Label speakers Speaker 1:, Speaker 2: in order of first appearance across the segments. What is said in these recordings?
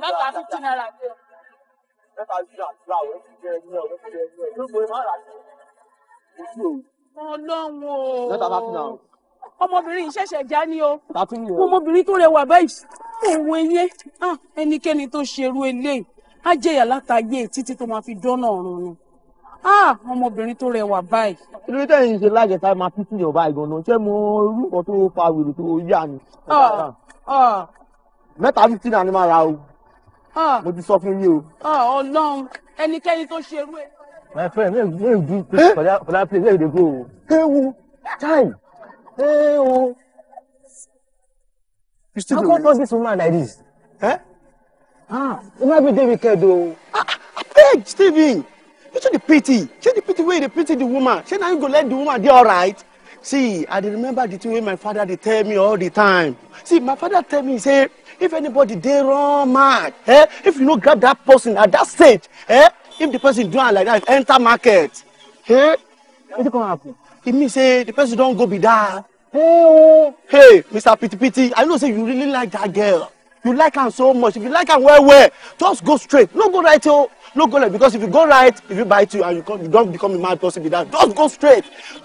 Speaker 1: mẹ́ta fifty naira gbé o. mẹ́ta fifty naira gbé ti jẹ ẹni ọ̀rẹ́ ti jẹ ẹni ọ̀rẹ́ ló gbé mọ́ra sí ojú o. ọlọ́run o. mẹ́ta fifty naira.
Speaker 2: ọmọbìnrin ìṣẹ̀ṣẹ̀ já ni o. ọmọbìnrin tó rẹwà báyìí òun eyé ẹnikẹ́ni tó ṣerú eléyìí á jẹ̀yà látàyè títí tó máa fi dọ́nà ọ̀run ni ọmọbìnrin tó rẹwà báyìí. ìrírí tẹ̀yìn ṣe lájẹ̀ta máa fi sílẹ̀ ọba ìgbọ̀nà ṣé mo rú
Speaker 3: tó fa wèrè tó yá ni. mẹ́ta fifteen ni màá ra o. Ah. mo ti sọ fún yín o.
Speaker 2: Ah, ọlọ́run ẹnikẹ́ni tó ṣerú ẹ.
Speaker 3: my friend make make you do place for that for that place where you dey go o. ewu time
Speaker 2: ewu. you still dey how come talk this woman like this. Eh? ah una be dey wicked o. abeg ah, steven you too dey pity shey the pity wey you dey pity the woman shey na you go let the woman dey alright. see i dey remember the thing wey my father dey tell me all the time see my father tell me say if anybody dey run mad eh if you no grab that person at that stage eh if the person do am like that enter market eh wetin come happen e mean say the person don go be that hey eh? eh,
Speaker 3: oh hey mr pitipiti i know say you really like that girl you like am so much if you like am well well just go straight no go right oh, no go left because if you go right if you bite you and you come you don become a mad person be that just go straight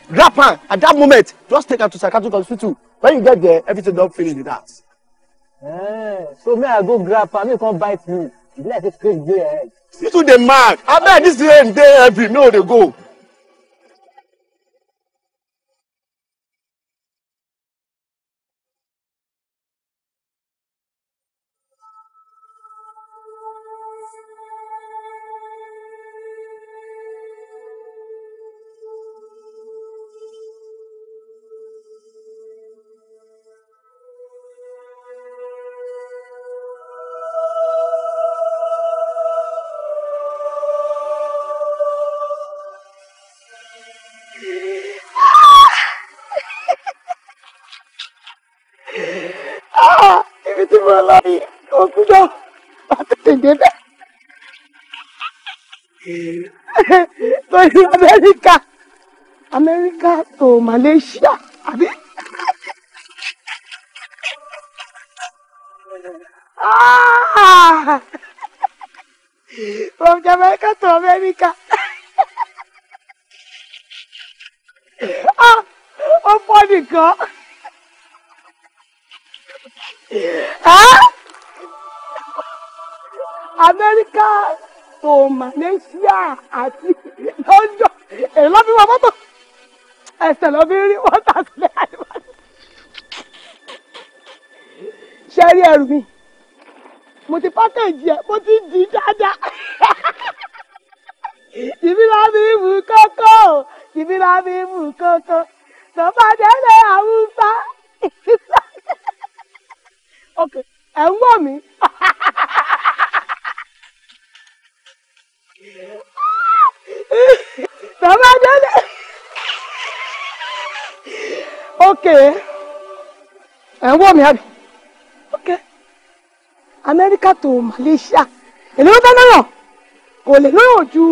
Speaker 3: grab am at that moment just take am to psychiatric hospital when you get there everything don finish be that. Eh, so me I go grab am, me come
Speaker 4: bite me. Be like say straight dey head. You too dey mad. Abeg dis rain dey heavy, me no dey go.
Speaker 2: bá láàyè ọ̀gbìnà àtẹ̀tẹ̀ débẹ̀. lórí amẹ́ríkà amẹ́ríkà tó malaysia àbí. Ah! from jamaica to america. Ah! ó pọ̀ nìkan amẹ́ríkà tó malaysia àti london èyí lọ́bí wọn mọ́tò ẹsẹ̀ lọ́bí rí wọ́tà sílẹ̀ àdìbọ́n. ṣe rí ẹrù mi mo ti pákéjì ẹ mo ti dì í dáadáa ìbí la fi mú kókó ìbí la fi mú kókó tọ́ba délé àwùjọ ok ẹ̀ ń wọ̀ mí. bàbá délé ok ẹ̀ ń wọ̀ mí àbí ok amẹ́ríkà tó Malaysia èlé ló fẹ́ lọ́rọ̀ kò lè lọ́rọ̀ ju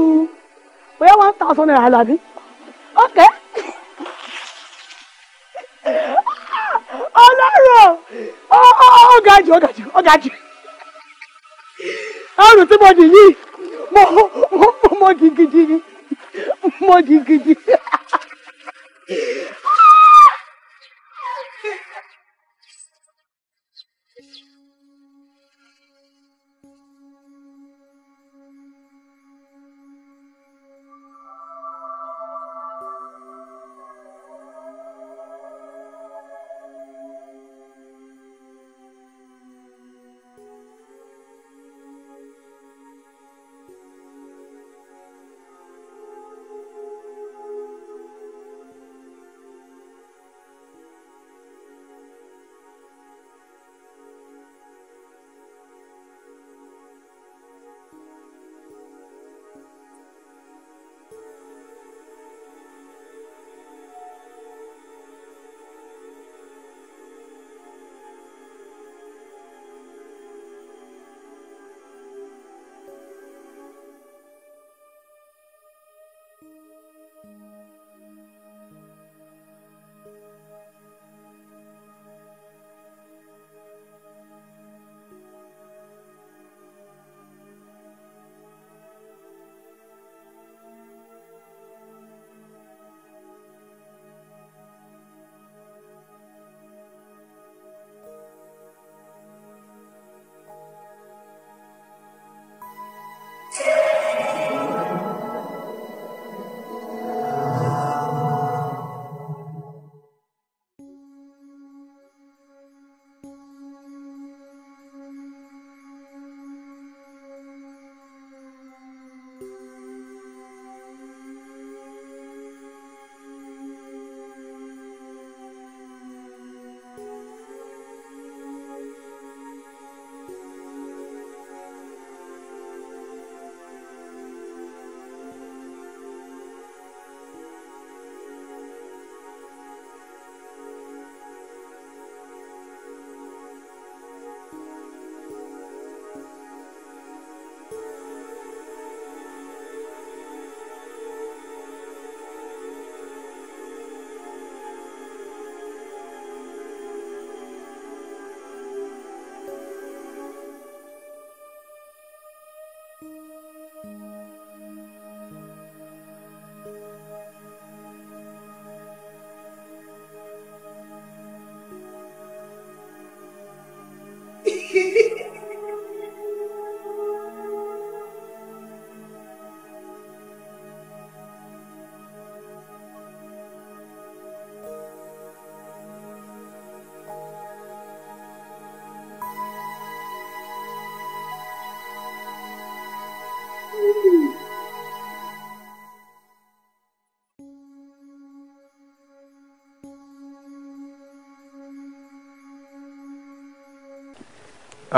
Speaker 2: bóyá one thousand naira làbí ok. ọ̀rọ̀ ọ̀gá jù ọ̀gá jù ọ̀gá jù àrùn tí mo dì yìí mo mo mo gigidi mo gigidi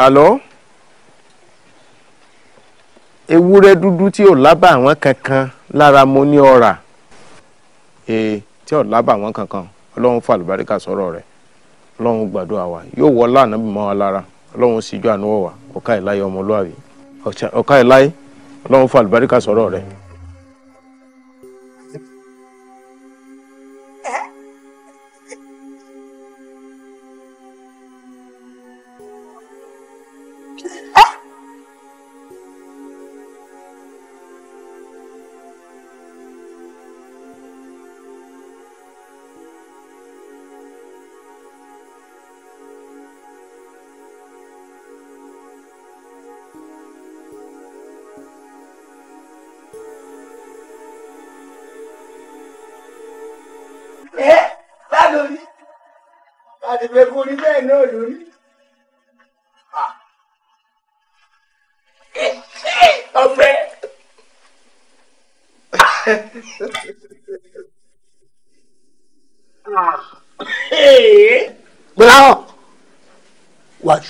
Speaker 4: àlọ́ ewúrẹ́ dúdú tí ò lábà àwọn kankan lára mo ní ọ̀rà ee tí ò lábà àwọn kankan ọlọ́run fà lùbáríkà sọ̀rọ̀ rẹ̀ ọlọ́run gbàdúrà wa yóò wọ láàánú bí mọ́ wa lára ọlọ́run síjú àánú wọ̀ wá ọ̀ká ìláyé ọmọlúwàbí ọ̀ká ìláyé ọlọ́run fà lùbáríkà sọ̀rọ̀ rẹ̀.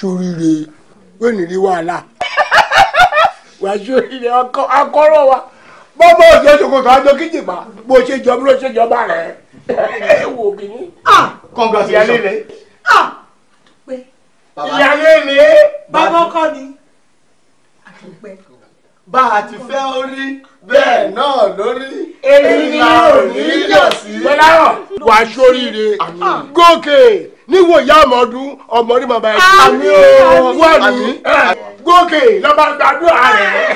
Speaker 4: sóríire wẹ́ẹ̀ ní rí wàhálà wàá sóríire akọ́rọ̀ wa bọ́mọ òjò ṣòkòtò àjọ kíjìpá bó ṣe jọ bí ló ṣe jọba rẹ̀
Speaker 2: ẹ wò kí ni.
Speaker 4: Ah! Ah! congratulations ìyáálé rẹ. Ah! ìyáálé rẹ. bàbá ọkọ ni.
Speaker 2: bá a ti fẹ́ orí bẹ́ẹ̀ náà lórí. èyí
Speaker 5: ni ò
Speaker 4: ní
Speaker 2: yọ̀ sí.
Speaker 5: pẹ̀lú
Speaker 4: wàá sóríire gòkè níwò ìyá ọmọ ọdún ọmọ orí bàbá ẹ̀ àmì ooo wà ní gòkè lọ́ba gbàdúrà rẹ̀.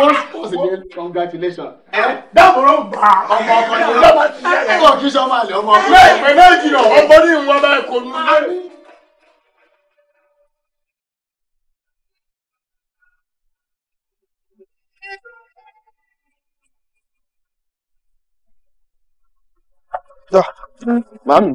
Speaker 4: Once again, congratulations. Dábòrò gbà ọmọ ọkọ ní ọlọ́ba ti yẹ ẹ̀. Ẹ̀kọ́ kí sọ́mà lè ọmọ ọkọ. Bẹ́ẹ̀ pẹ̀lú ìjìnà ọmọ ní ìwọ̀n bá ẹ̀kọ́ nù. Màmí.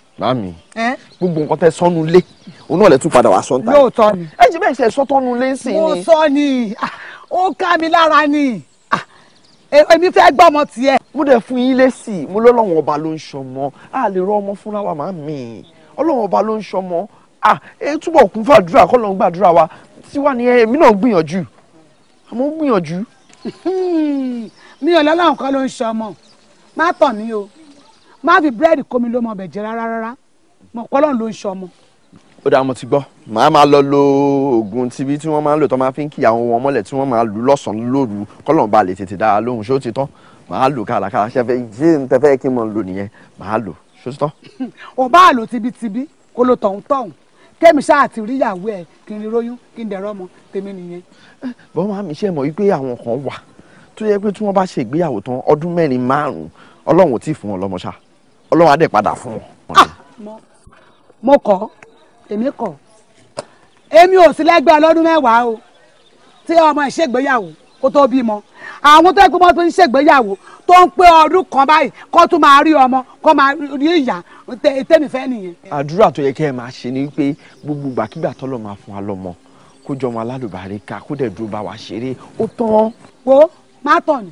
Speaker 4: Mami,
Speaker 3: gbogbo nǹkan tẹ sọnù lé òun náà lè tún padà wá sọ ta. yóò tọ́ ni.
Speaker 2: ẹ jẹ́ bẹ́ẹ̀ ṣe sọ́tọ́nu lé sí ni. mo sọ
Speaker 3: ni ah, ó ká mi lára ni ah, e, èmi fẹ́ gbọ́ ọmọ tiẹ̀. mo dẹ̀ fún yín lésì mo lọ́lọ́wọ́n ọba ló ń ṣọmọ a lè rọ ọmọ fúnra wa màmí ọlọ́wọ́n ọba ló ń ṣọmọ a ah, túbọ̀ kún fàdúrà kọ́ lọ́n gbàdúrà wa tí wà ní èmi náà
Speaker 2: gbìyànjú àmọ́ gbìyànjú. mi ò lọ́lọ́run kọ́ ló ń ṣọmọ má tàn mí o má fi búrẹ́dì kómi ló mọ bẹ̀jẹ̀ rárá rárá mọ kọ́lọ́n ló ń ṣọmọ.
Speaker 3: ó dáa mo ti gbọ́ màá máa lọ lo oògùn tibí tí wọ́n máa ń lò tó máa fi ń kí àwọn wọn mọ́lẹ̀ tí wọ́n máa lù lọ́sàn-án lóru kọ́lọ́n ba lè tètè dáa lóhùn ṣó ti tán màá lò kárakára ṣẹfẹ jí n tẹfẹ kí n mọ lò nìyẹn màá lò ṣó ti tán.
Speaker 2: ò bá lò tibitibi kó lo tọ̀hún tọ̀hún kémi ṣáà ti rí ìyàwó ẹ kí n róyún kí n dẹ̀rọ ọmọ tèmi nìyẹn.
Speaker 3: bọ́n máa mi ṣe mọ̀ wípé àwọn kan wà tó yẹ pé tí wọ́n bá ṣe ìgbéyàwó tán ọdún mẹ́rin márùn-ún ọlọ́run ò tí ì fún wọn lọ́mọ ṣáà ọlọ́run adé padà fún wọn.
Speaker 2: Ah, mo kọ èmi kọ èmi ò sí lẹ́gbẹ́ ọlọ́dún mẹ́wàá o tí ọmọ ìṣègbéyàwó kó tó bímọ àwọn tó ń gbọmọ tó ń ṣègbéyàwó tó ń pé ọdún kan báyìí kó tún máa rí ọmọ kó máa rí ìyá tẹmífẹ nìyẹn.
Speaker 3: àdúrà tó yẹ kẹ́ ẹ máa ṣe ni pé gbogbo gbàkígbà tọ́lọ̀ máa fún wa lọ́mọ kó jọ alálùbárí ká kó dẹ̀ dúró bá wa ṣeré ó tán. wo má tọ̀ ni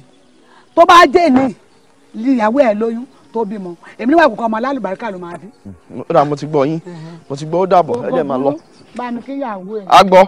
Speaker 3: tó bá dé ní
Speaker 2: ìyàwó ẹ̀ lóyún tó bímọ èmi níwájú kan ọmọ alálùbáríkà ló máa bí. ó dà mo ti gbọ́ yín
Speaker 3: mo ti gbọ́ ó dàbọ̀ ẹ dẹ̀ máa lọ.
Speaker 2: bá mi kíyàwó ẹ. a gbọ́.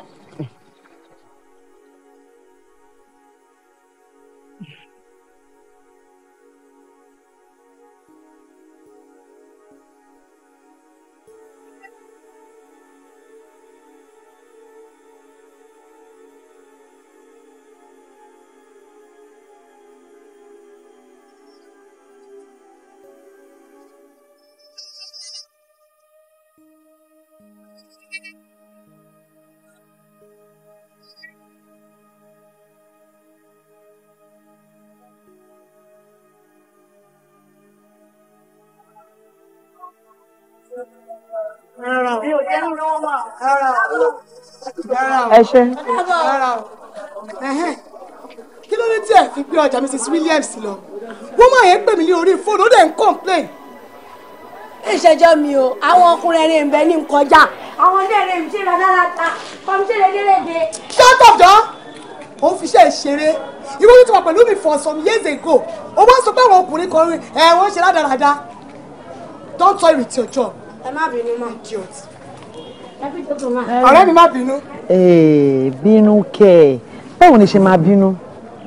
Speaker 2: ẹ ṣe. kí ló dé tí ẹ fi gbé ọjà Mrs Williams lọ wọ́n máa yẹn pè mí ní orí fóònù ó dẹ̀ ń complain ìṣẹjọ mi o àwọn ọkùnrin ẹni ìbẹ ní nkọjá. àwọn ilé rẹ̀ ń ṣe rádaràda kọ́míṣẹ́lẹ̀ délẹ̀dẹ̀. shut up dán ó fi iṣẹ́ ìṣeré ìwé tó ti wà pẹ̀lú mi for some years ago ó wá sọ pé àwọn ọkùnrin kan ẹ wọ́n ṣe rádaràda don't toy with your job. ẹ má bínú mọ́ idiot ọ̀rẹ́ mi má bínú. bínú kẹ ẹ báwo ni ṣe máa bínú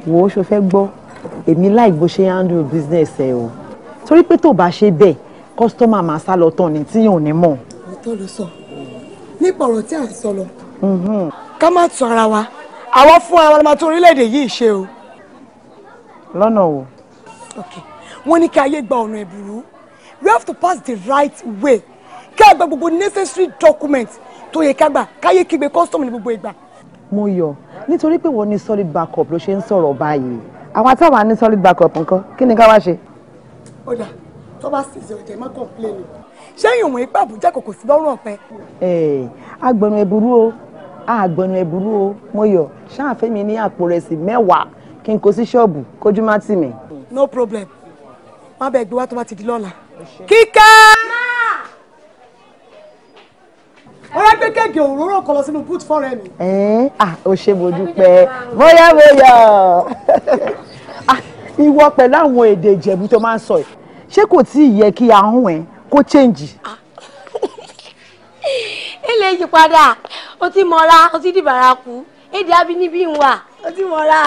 Speaker 2: wò ó ṣe fẹ́ gbọ́ èmi láì bó ṣe handle business ẹ o torí pé tó bá ṣe bẹ́ẹ̀ kọ́sítọ́mà máa sá lọ tán ni tí yóò ní mọ̀. òótọ́ ló sọ nípa ọ̀rọ̀ tí à ń sọ lọ mhm. ká má tún ara wa àwọn fún ara wa la máa tún orílẹ̀-èdè yìí ṣe o. lọ́nà o. wọ́n ní kí ayé gba ọ̀nà ẹ̀bùrú we have to pass the right way kí a gba gbogbo necessary documents tó yẹ ká gbà káyé kígbe custom ní gbogbo ìgbà. mo yọ nítorí pé wọ́n ní solid backup ló ṣe ń sọ̀rọ̀ báyìí àwọn táwa ní solid backup nǹkan kí ni ká wá ṣe. ọ̀dà tó bá sì ṣe ọ̀jẹ̀ má complain ṣẹ́yìn òun ipá àbújá kò kò sí lọ́rùn ọ̀pẹ. ẹ agbọnu ẹbùrú o agbọnu ẹbùrú o mo yọ ṣáàfẹ́ ní àpò rẹ̀ mẹ́wàá kí n kó sí ṣọ́ọ̀bù kójú má tì mí. no problem má bẹ́ẹ̀ gbé wá tó bá ti di lọ́la. kíkẹ́ ọ̀rẹ́ gbé kéèké òróró kan lọ sínú put fọ́ọ̀rẹ́ mi. ẹ ah o ṣe mo dúpẹ́ bóyá bóyá ìwọ pẹ̀lú àwọn èdè ìjẹ̀bú tó máa ń sọ yìí ṣé kò tí ì yẹ kí ahọ́n ẹ kó chẹ́ǹjì.
Speaker 1: ilé yìí padà o ti mọra o ti dìbàrà kú èdè abínibí
Speaker 2: ń wà o ti mọra.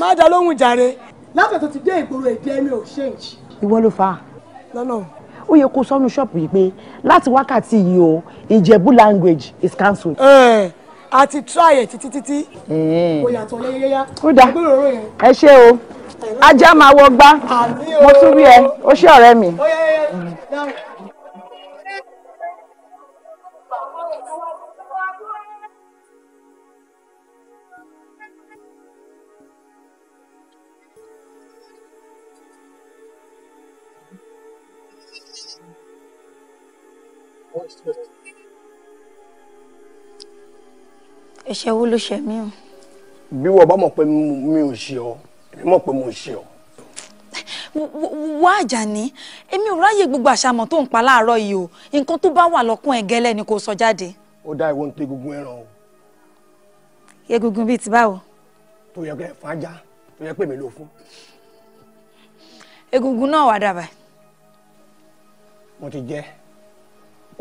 Speaker 2: má dá lóhùn jàre. látọ̀ tó ti dé ìgboro èdè ẹni ò ṣèǹjì. ìwọ ló fà á. lọ́nà ó yẹ kó sọnù ṣọ́ọ̀pù yìí pé láti wákàtí yìí o ìjẹ̀bú language is cancelled. ẹ a ti try ẹ títí títí. kò yàtọ̀ lẹ́yẹ́yá. ó dà ẹ ṣé o ajá máa wọgbá mo tún rí ẹ ó ṣé ọ̀rẹ́ mi. ó yẹ yẹ yẹ mm. dáhùn.
Speaker 1: ẹ̀ṣẹ̀ wo ló ṣe mí o.
Speaker 3: bí wọ́n bá mọ̀ pé mi ò ṣe ọ́ èmi mọ̀ pé mo ṣe ọ́.
Speaker 1: wá àjàní èmi ò ráyè gbogbo àṣàmọ̀ tó ń pa láàárọ̀ yìí o nǹkan tó bá wà lọ́kùn ẹ̀ gẹ́lẹ́ ni kò sọ jáde.
Speaker 4: ó dá ìwọ ń egungun ẹran o.
Speaker 1: egungun bíi ti báwo.
Speaker 4: tó yẹ pé fún ajá tó yẹ pé mi ló fún.
Speaker 1: egungun náà wà dábàá.
Speaker 3: mo ti jẹ́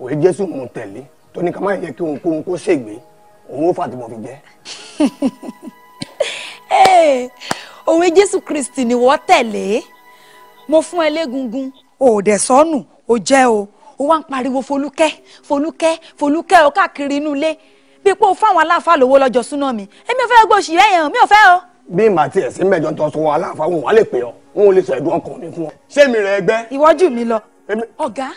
Speaker 3: òwe jésù mò ń tẹ̀lé tó ní ká má yẹ kí ohunkóhun kó ṣègbè òun ó fàtìmọ̀ fi jẹ́.
Speaker 1: òwe jésù kristi ni wọ́n tẹ̀lé mo fún ẹ légungun òòdẹ̀ sọ́nù ó jẹ́ o ó wá ń pariwo folúkẹ́ folúkẹ́ folúkẹ́ o káàkiri inú ilé bí pé o fáwọn aláàfáà lówó lọ́jọ́ súná mi èmi ò fẹ́ gbọ́ òṣì rẹ̀ yẹn mi ò fẹ́ o.
Speaker 3: bí màá tiẹ̀ sí mẹ́jọ tó sọ aláàfáà wọn wà lè pè ọ́ wọn ò lè sọ ẹ̀dùn ọkàn mi
Speaker 2: fún ọ. ṣé rẹ̀ ẹgbẹ́. ìwọ́jú mi lọ ọ̀gá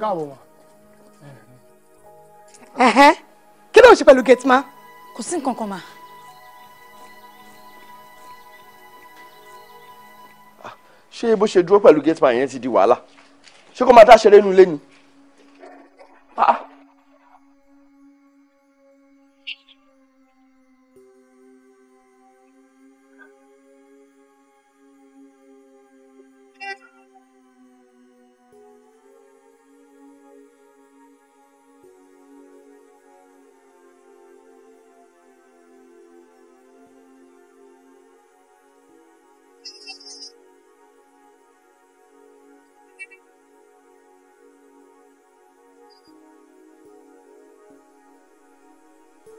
Speaker 2: káàbọ̀ wá. ẹ̀hẹ́ kí ló ń ṣe pẹ̀lú gate ma
Speaker 1: kò sí nǹkan kan mà.
Speaker 4: Ah, ṣé bó ṣe dúró pẹ̀lú gate ma yẹn ti di wàhálà ṣé kó máa dá ṣeré inú ilé ni.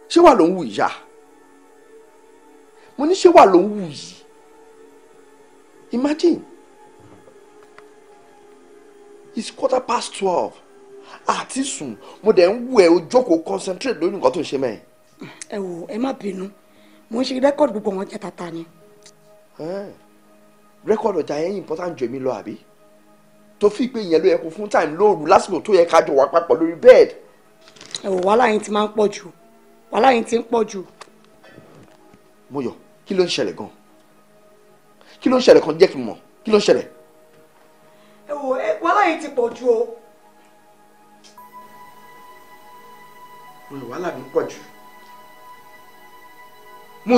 Speaker 4: ṣé wà ló ń wù ìyá mo ní ṣé wà ló ń wù yìí
Speaker 3: imagine it's quarter past twelve àti sùn mo dẹ̀ ń wù ẹ́ o concentrate lórí nǹkan tó ń ṣe mẹ́ẹ̀.
Speaker 2: ẹ wò ẹ má bínú mo ń ṣe rẹ́kọ̀dì gbogbo wọn jẹ́ tata ni.
Speaker 3: rẹ́kọ̀dì ọjà yẹn important jù mí lọ àbí tó fi pé ìyẹn ló yẹ kó fún time lóru lásìkò tó yẹ ká jọ wà papọ̀ lórí bẹ́ẹ̀dì. ẹ wò wàhálà yín ti máa ń pọ̀ jù wàhálà yìí ti ń pọ̀ jù. mo yọ kí ló ń ṣẹlẹ̀ gan kí ló ń ṣẹlẹ̀ kan jẹ́ kí n mọ̀ kí ló ń ṣẹlẹ̀.
Speaker 2: ẹ wò wàhálà yìí ti pọ̀ jù o.
Speaker 4: mo yọ wàhálà mi pọ̀ jù. mo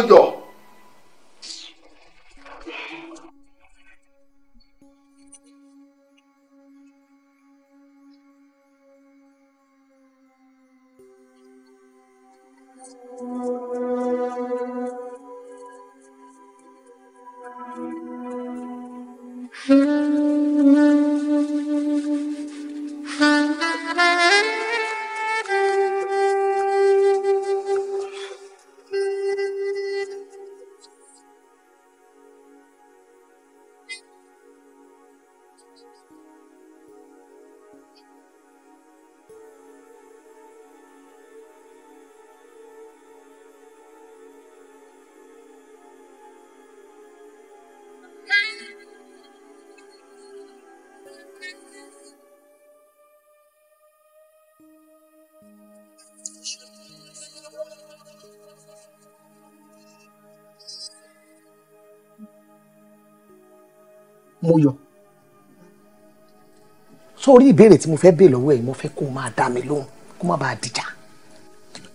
Speaker 2: sórí ìbéèrè tí mo fẹ́ béèrè lọ́wọ́ ẹ̀ mo fẹ́ kó o máa dá mi lóhùn kó má bàa dìjà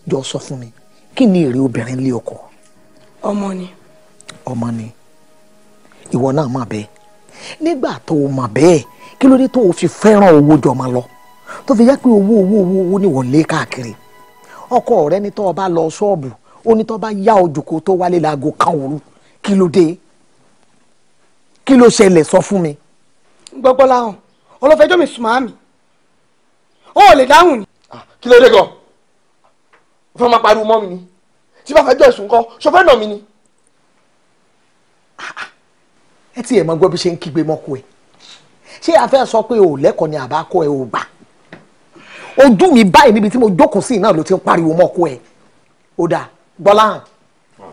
Speaker 2: jọ sọ fún mi kí ni èrè obìnrin lé ọkọ. ọmọ ni. ọmọ ni ìwọ náà mà bẹ́ẹ̀ nígbà tó o mà bẹ́ẹ̀ kí ló dé tó o fi fẹ́ràn owó jọ máa lọ tó fi yá pé owó owó owó owó ni wọ́n lé káàkiri ọkọ rẹ ní tó o bá lọ ṣọ́ọ̀bù ó ní tó o bá yá ojúkó tó wálé láago kan òru kí ló dé kí ló ṣẹlẹ̀ sọ fún mi. gbọ́gbọ́ láwọn olùfẹjọ́ mi sùnmọ́ mi ó lè dáhùn ni. Ah, kí ló dé gan o fẹ́ máa pariwo mọ́ mi ni tí bá fẹjọ́ ẹ̀sùn kan ṣọfẹ́ nà mí ni. Ah, ah. ẹ tiẹ̀ mọ gbọ́ bí ṣe ń kígbe mọ́kọ ẹ̀ ṣé a fẹ́ sọ pé o lẹ́kọ̀ọ́ ni àbá kọ́ ẹ o gbà ojú mi báyìí níbi tí mo jókòó sí náà ló ti ń pariwo mọ́kọ ẹ̀ ó dáa gbọ́lá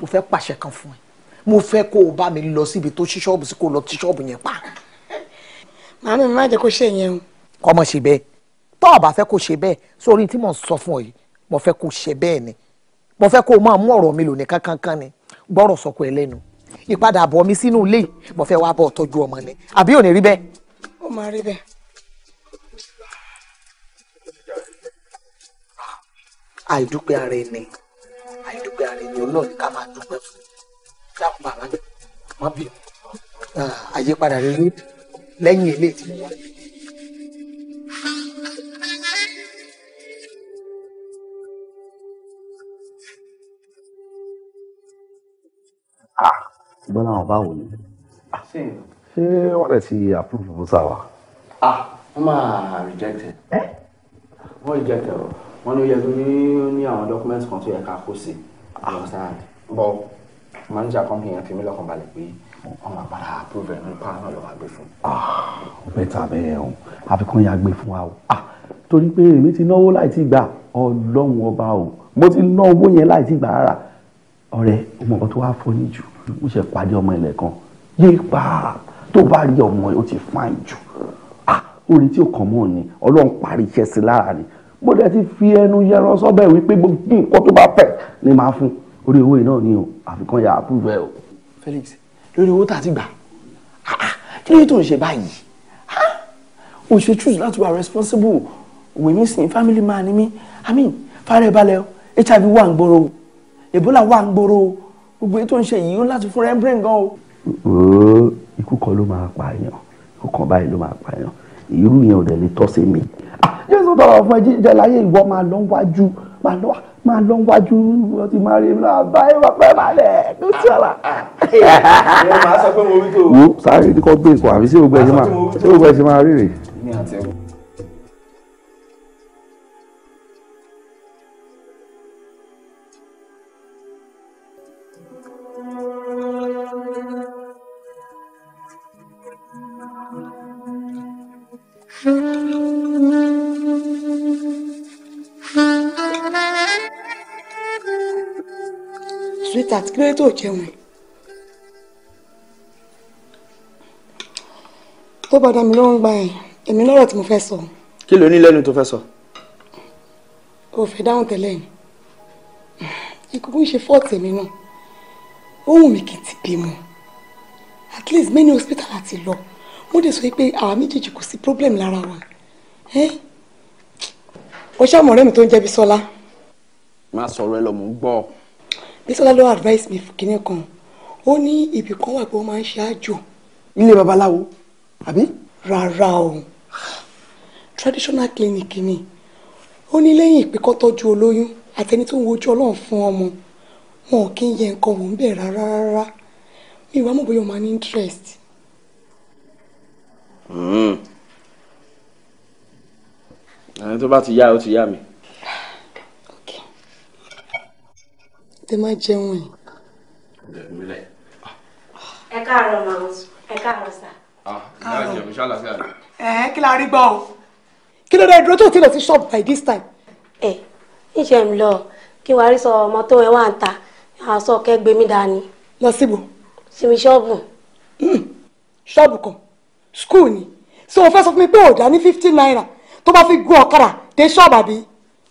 Speaker 2: mo fẹ́ pàṣẹ kan fún ẹ mo fẹ́ kó o bá mi lọ síbi tó ṣí ṣọ́ọ̀bù sí kó o lọ ti ṣọ́ọ̀bù yẹn pa màámi mi má jẹ́ kó ṣe yẹn o. kọ́mọ ṣe bẹ́ẹ̀ tọ́ ọ̀bà fẹ́ kó ṣe bẹ́ẹ̀ sórí tí mò ń sọ fún ọ yìí mo fẹ́ kó ṣe bẹ́ẹ̀ ni mo fẹ́ kó máa mú ọ̀rọ̀ mi lò ní kánkán ni gbọ́rọ̀ sọkọ ẹ lẹ́nu ìpadà àbọ̀ mi sínú ilé mo fẹ́ wá bọ̀ tọ́jú ọmọ ni àbí ò ní rí bẹ́ẹ̀. ó máa rí bẹ́ẹ̀. àìdúpẹ́ ara ẹni àìdúpẹ́ ara ẹni ọlọ́run ká máa dúpẹ́ fún dákun bàbá mi má bì ah, àyípadà rere lẹ́yìn eléyìí tí mo wá.
Speaker 3: Ah, ṣùgbọ́n làwọn bá wò ní. ṣé wọ́n lè ti approve proposal wa. ah wọ́n máa reject ẹ̀. ẹ́ wọ́n reject ẹ̀ o wọ́n ní ó yẹ kí ó ní àwọn documents kan tó yẹ ká kó sí. Ah. understand but manager company yẹn fi mí lọ́kàn balẹ̀ pé wọn máa padà approve ẹ̀ nípa náà lọ́wọ́ àgbẹ̀ fún. Ah, bẹ́tà bẹ́ẹ̀ o àfikún yà gbé fún wa o ah, torí pé èmi ti náwó láì tí gbà ọlọ́run ọba o mo ti ná owó yẹn láì tí gbà rárá ọ̀rẹ́ ọmọ kan tó wá fọ́ ní jù mo ṣe pàdé ọmọ ilẹ̀ kan yé pa tó bá rí ọmọ ẹ ó ti fáìn jù ah, orin tí ó kàn mọ́ ni ọlọ́run parí iṣẹ́ sí lára ni mo dẹ̀ ti fi ẹnu yẹran sọ́bẹ̀ wípé gbogbo nǹkan tó bá fẹ́ ni màá fún orí owó yìí náà ni o àfikún yà á púpẹ́ o. Felix lórí owó tá a ti gbà ah, ah, kí ló yẹ tó ń ṣe báyìí ah, o ṣe choose láti wà responsible
Speaker 2: wèmí sìn family man ni mí i mean fara ẹ o hiv wà ń gbòòrò o
Speaker 3: ebola wà ń gbòòrò o gbogbo ètò ń ṣe yìí ó láti fún rembrandt gan o. ikú kan ló máa pààyàn ikú báyìí ló máa pààyàn irú yẹn ò dẹ̀ lè tọ́ sí mi
Speaker 2: jésù tọrọ fún ẹjí jẹ láyé ìwọ máa lọ wájú máa lọ máa lọ wájú wọn ti máa
Speaker 3: rí mi náà báyìí wọn pẹ́ máa lẹ̀ kó tí ọ̀la. mo máa sọ pé mo rí tó. wo sáré kọ́ gbé ìkọ̀ àbí sí gbogbo ẹ̀ sí gbogbo ẹ̀ máa rí rè.
Speaker 2: that kí ló dé tó jẹun tó bá dá mi lóhùn gba ẹ̀ èmi lọ́rọ̀ tí mo fẹ́ sọ.
Speaker 3: kí ló ní lẹ́nu tó fẹ́ sọ.
Speaker 2: o fẹ́ dáhùn tẹ́lẹ̀ ni ìkókó ń ṣe fọ́ọ̀tì mi náà ó wù mí kí n ti bímọ at least many hospital àti lọ mo dé sọ pé àwa méjèèjì kò sí problem lára wa ọṣẹ́ ọmọ rẹ mi tó ń jẹ́ Bísọ́lá.
Speaker 3: má sọ̀rọ̀ ẹ lọ mò ń gbọ́ ọ
Speaker 2: bísọ́lá ló advice me for kinní kan ó ní ibì kan wà pé ó máa ń ṣe àjò. ilé babaláwo àbí. rárá o traditional clinic ni ó ní lẹ́yìn ìpè kọ́ tọ́jú olóyún àtẹni tó ń wojú ọlọ́run fún ọmọ wọn ò kí ń yẹ nǹkan wò ń bẹ̀ rárá rárá mi ìwà mọ̀ bóyá o máa ní interest.
Speaker 3: Hmm. ẹni tó bá ti yá o ti yá mi.
Speaker 2: tẹ máa jẹun ni.
Speaker 1: ẹ káàárọ̀ màá ẹ káàárọ̀ sà.
Speaker 3: Ah, ìyá àjẹmí ṣàlàfíà rẹ.
Speaker 2: ẹ kí la rí gbọ́ o kí ló dé dúró tó ti lọ sí ṣọ́ọ̀bù by this time. ẹ níṣẹ́ ń lọ kí wàá rí sọ ọmọ tó ẹ wá ń ta àṣọ kẹgbẹ́ mi dání. lọ síbò. sinmi ṣọ́ọ̀bù. Hmm. ṣọ́ọ̀bù kan school ni so o fẹ́ sọ fún mi pé òòdà ní fifteen naira tó bá fi gún
Speaker 3: ọ̀kadà dé ṣọ́ọ̀bù àbí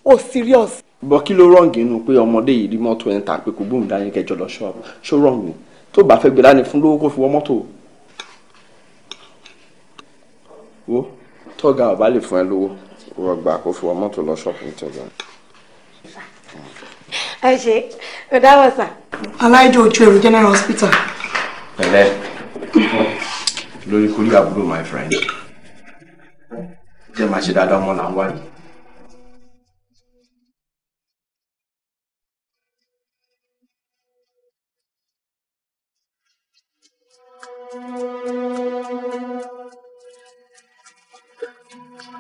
Speaker 3: o serious bọ́ kí ló rọ̀ǹgì nínú pé ọmọdé yìí rí mọ́tò ẹ̀ ń ta pé kò gbóhùn dání kẹjọ lọ ṣọ́ọ̀bù ṣó rọ̀ǹgì tó bá fẹ́ gbé dání fún lówó kó fi wọ́ mọ́tò wo tọ́ga ọ̀bá lè fún ẹ lówó rọgbà kó fi wọ́ mọ́tò lọ ṣọ́ọ̀bù nítorí.
Speaker 1: ẹ ṣe
Speaker 2: ò dáwọ sà. aláìjọ ojú ẹrù general hospital.
Speaker 3: pẹ̀lẹ́
Speaker 4: lórí kórìí àbúrò my friend jẹ máa ṣe dáadáa ọmọ là ń wáyé.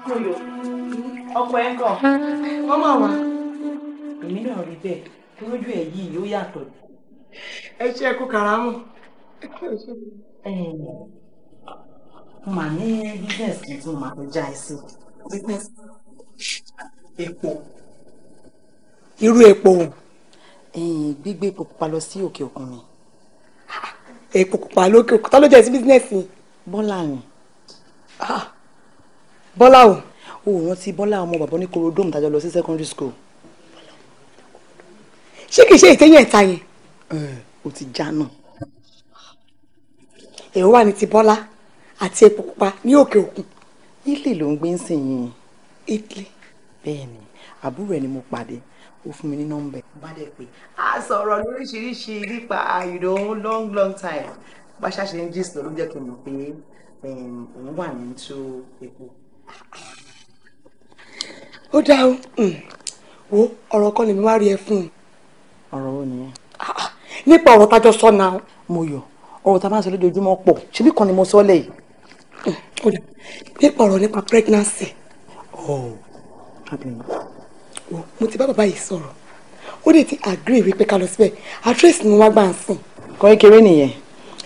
Speaker 2: Kóyò, ọkọ ẹ kọ̀. Wọ́n máa wá. Èmi náà rí bẹ́ẹ̀ tó lójú ẹ̀ yìí yóò yàtọ̀. Ẹ ṣe ẹkú kàrámù. Màá ní bísíǹsì tí mo máa fẹ́ já ẹ sí. Epo. Irú epo. Gbígbé epo pupa lọ sí òkè òkun mi èkó pupa lókè òkú tá ló jẹ́ sí bísínẹ́sì. bọ́lá ni. Ah. bọ́lá o ò rántí bọ́lá ọmọ bàbá ní korodom tàjọ lọ sí secondary school. ṣé kìí ṣe ìtẹ́yìn ẹ̀ta yẹn. o ti já náà. èèwọ̀ wà ní ti bọ́lá àti èkó pupa ní òkè òkun. nílé ló ń gbé ń sìn yín. Italy. bẹ́ẹ̀ ni àbúrò ẹ̀ ni mo pàdé ó fún mi ní nọ́mbà ẹ̀. bá dẹ̀ pé a sọ̀rọ̀ lóríṣiríṣi nípa you know long long time bá ṣáṣe ń gist lọ ló jẹ́ kí n mọ̀ pé ehm, òun wà ní tú epo. ó dá o hmm. wo ọ̀rọ̀ kan lèmi wá rí ẹ fún un. ọ̀rọ̀ wo nìyẹn. Ah, ah. nípa ọ̀rọ̀ tájọ sọ náà. mo yọ ọ̀rọ̀ tá a máa ń sọ lójoojúmọ́ pọ̀ ṣebí kan ni mo sọ lẹ́yìn. Hmm, nípa ọ̀rọ̀ nípa pregnancy. ọ̀ oh, ọ́ wò mo ti bá bàbá yìí sọ̀rọ̀ ó lè ti agree wípé ká lọ síbẹ̀ àtúrẹ́sì ni wọ́n wá gbà ń sìn. kọ́rin kéré nìyẹn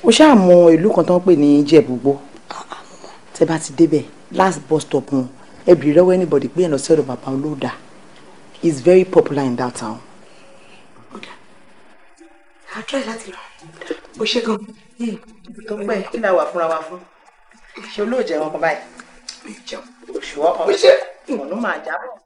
Speaker 2: o ṣáà mọ ìlú kan tó ń pè ní jẹ̀bùgbó ah, ah, tẹ bá ti débẹ̀ last bus stop wọn ẹ bìí lọ́wọ́ anybody pé ẹ̀ lọ sí ọ̀dọ̀ bàbá olóòdà is very popular in that town. àtúrẹ́ láti lọ o ṣe gan. Hmm, tó pẹ́ kí ni a wà fúnra wa fún ṣé olóòjẹ́ wọn kan báyìí. mi jẹun òṣùwọ̀n kan ọ̀nù máa jábọ̀.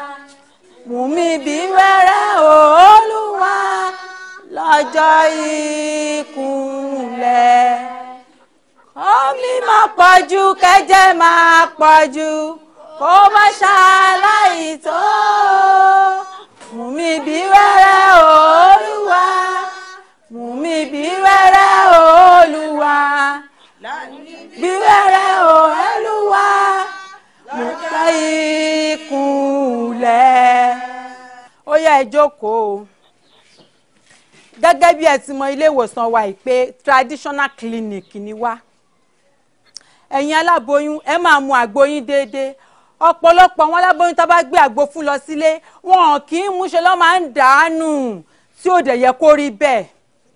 Speaker 1: mú mi bí wẹ́rẹ́ Olúwa lọ́jọ́ ìkúnlẹ̀ omi máa pọ̀jù kẹ́jẹ́ máa pọ̀jù kó má ṣàlàyé tó mú mi bí wẹ́rẹ́ Olúwa mú mi bí wẹ́rẹ́ Olúwa bí wẹ́rẹ́ Olúwa. yá ẹ jókòó gẹ́gẹ́ bí ẹ ti mọ ilé ìwòsàn wa yìí traditional clinic ni wá ẹ̀yin aláboyún ẹ máa mu àgbo yín déédéé ọ̀pọ̀lọpọ̀ àwọn aláboyún tá a bá gbé àgbo fún lọ sílé wọn kì í mú ṣe lọ́ máa ń dàánù tí ò dẹ̀ yẹ kó rí bẹ́ẹ̀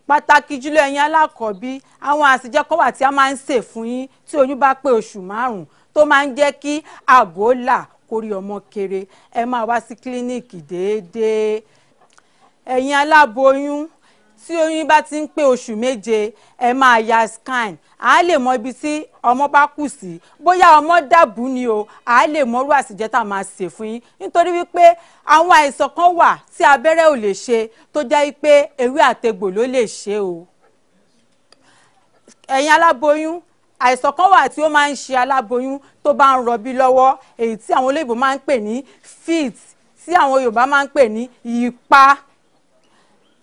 Speaker 1: pàtàkì jùlọ ẹ̀yin alákọ̀ọ́bí àwọn àsìjẹ kan wà tí a máa ń sè fún yín tí oyún bá pé oṣù márùn-ún tó máa ń jẹ́ kí àgbo là kórí ọmọ kéré ẹ máa wá sí kílíníìkì déédéé ẹ̀yin aláboyún tí oyún bá ti ń pé oṣù méje ẹ máa ya scan a lè mọ ibi tí ọmọ bá kù sí bóyá ọmọ dàbú ni o a lè mọ irú àsìjẹ́ tá a máa ṣe fún yín nítorí wípé àwọn àìsàn kan wà tí abẹ́rẹ́ ò lè ṣe tó jẹ́ pé ewé àtegbò ló lè ṣe o ẹ̀yin aláboyún àìsàn kan wà tí ó máa ń ṣe aláboyún tó bá ń rọbí lọ́wọ́ èyí tí àwọn olóyìnbó máa ń pè ní fit tí àwọn yorùbá máa ń pè ní ipa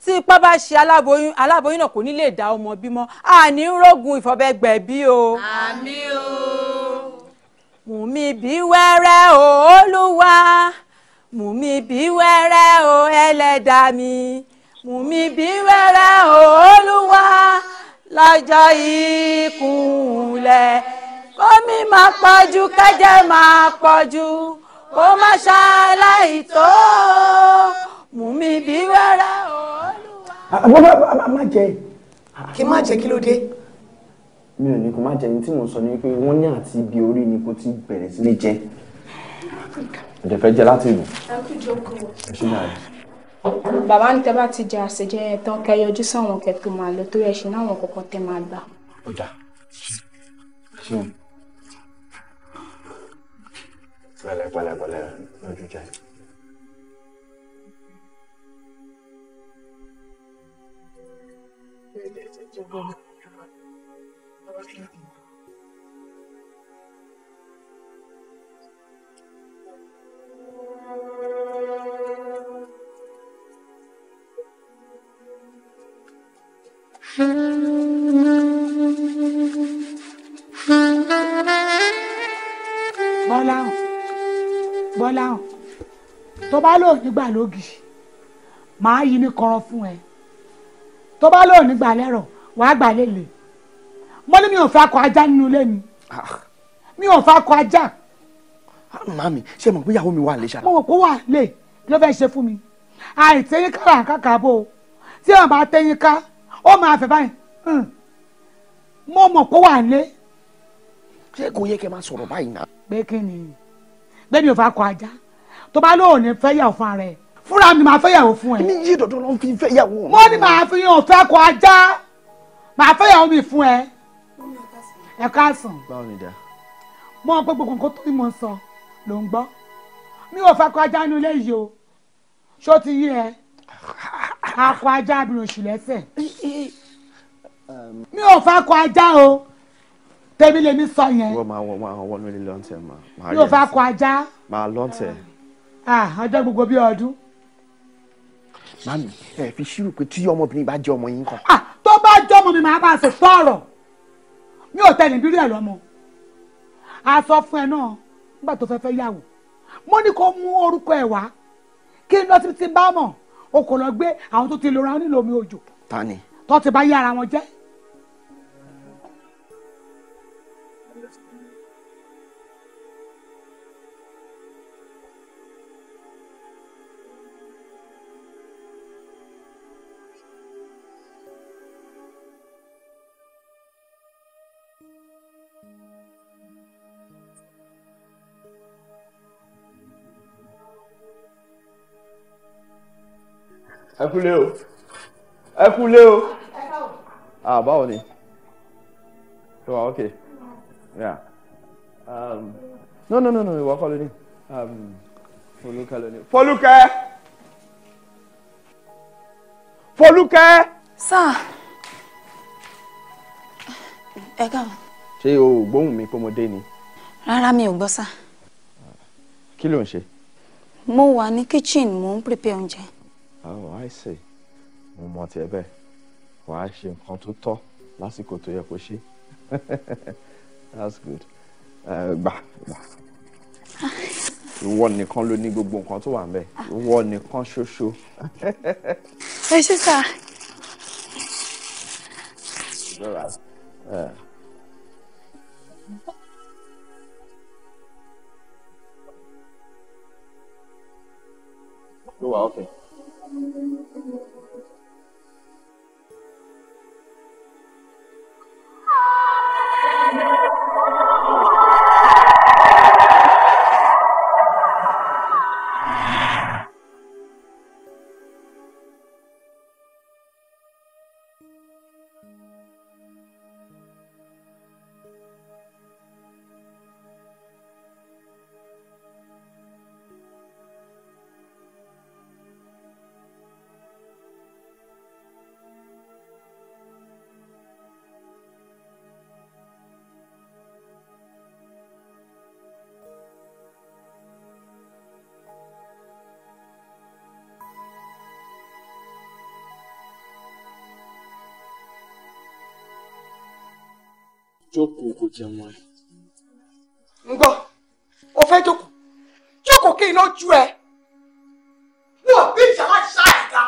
Speaker 1: tí ipá bá ṣe aláboyún aláboyún náà kò ní lè dá ọmọ bímọ àní rógun ìfọ̀bẹgbẹ̀bí o. àmín o. mú mi bí wẹ́rẹ́ o olúwa mú mi bí wẹ́rẹ́ o ẹlẹ́dàá mi mú mi bí wẹ́rẹ́ o olúwa lọ́jọ́ ìkúnlẹ̀ kómi máa pọ̀jù kẹ́jẹ́ máa pọ̀jù kó má ṣàlàyé tó mú mi bí wẹ́rẹ́
Speaker 2: olúwa. má jẹ. kí má jẹ kí ló dé.
Speaker 3: mi ò ní kó má jẹ ní tí mò ń sọ ni pé wọ́n ní àti ibi orí ni kò ti bẹ̀rẹ̀ sí ní jẹ. ǹjẹ́ fẹ́ jẹ láti ìlú. ẹ kú jókòó. ẹ ṣe náà
Speaker 1: bàbá ní tẹ́ bá ti jẹ àṣejẹ yẹn tán kẹ́ yọjú sáwọn kẹ́ tó máa lọ torí ẹṣin náà wọn kọ̀ọ̀kan tẹ́ máa gbà.
Speaker 3: ọjà
Speaker 2: ṣeun pẹ̀lẹ́
Speaker 4: pẹ̀lẹ́ pẹ̀lẹ́ lójú jẹ. Thank
Speaker 5: you.
Speaker 2: bọ́lá hàn bọ́lá hàn tó bá lò nígbà lógì màá yí ní kọrọ fún ẹ tó bá lò nígbà lẹ́rọ̀ wàá gbà lélẹ̀ mo ní mi ò fẹ́ akọ ajá nínú ilé mi ah. mi ò fẹ́ akọ ajá. Ah, màmí ṣé mo gbéyàwó mi wà lè ṣá. mo mọ̀ pé wà lè ló fẹ́ ṣe fún mi àìtẹ́yìn kàràkàkà bò tí àwọn bá tẹ́yìn ó máa fẹ́ báyìí mo mọ̀ pé wà lé. ṣé kò yẹ kẹ́ máa sọ̀rọ̀ báyìí náà. pé kí ni bẹ́ẹ̀ ni ò fa kọ ajá tó bá lóun ní fẹ́yàwó fún ara ẹ̀ fúnra mi máa fẹ́yàwó fún ẹ. mi yí dọ̀dọ̀ ló ń fi fẹ́yàwó. mo ní màá fi hàn fẹ́ kọ ajá màá fẹ́yàwó mi fún ẹ. ẹ káàsán. báwo ni dà. mo pé gbogbo nǹkan tó ní mo ń sọ ló ń gbọ́ mi ò fẹ́ kọ ajá nínú yìí o ṣó ti yí ẹ. Ah, ah, ah akọ ajá abiròṣù lẹ́sẹ̀ um, mi ò fa kọ ajá o tèmi lèmi sọ yẹn wọ́n máa wọ́n máa wọ́n nílé lọ́ntẹ̀ máa mi ò fa kọ ajá máa lọ́ntẹ̀. ọjọ́ gbogbo bíi ọdún.
Speaker 3: mami ẹ fi ṣírù pé tí ọmọbìnrin bá jẹ ọmọ yín kan.
Speaker 2: tó bá jọ ọmọ mi màá bá a sọ tọrọ mi ò tẹ níbírú ẹ lọmọ a sọ fún ẹ náà nígbà tó fẹ́ fẹ́ yàwó mo ní kó mú orúkọ ẹ wá kí n lọ síbi tí n bá mọ̀ o kò lọ gbé àwọn tó ti lora nílò omi òjò. ta tó ti bá yára wọn jẹ́
Speaker 4: ẹ kú lé o
Speaker 3: ẹ kú lé o ah báwo ni ìwà ok yeah um, no no no no ìwà kọ́ ló ní
Speaker 4: um, Fọlúkẹ́ ló ní Fọlúkẹ́
Speaker 1: Fọlúkẹ́. sir ẹ káàbọ̀.
Speaker 3: ṣé o ò gbóhùn mi pé mo dé ni.
Speaker 1: rárá mi ò gbọ́ sá. kí ló ń ṣe. mo wà ní kitchen mo ń prepare oúnjẹ
Speaker 4: oh i see mo mọ tiẹ̀ bẹ́ẹ̀ wàá ṣe nǹkan tó tọ́ lásìkò tó yẹ kó ṣe that's good gbà gbà ìwọ nìkan ló ní gbogbo nǹkan tó wà ń bẹ ìwọ nìkan ṣoṣo. ẹ ṣe sá. You're
Speaker 5: welcome. Thank you.
Speaker 4: jókòó kò jẹun ẹ.
Speaker 2: ń gbọ́ o fẹ́ jókòó jókòó kí iná ju ẹ wọ́n bí ìjà láti ṣá ẹ̀dá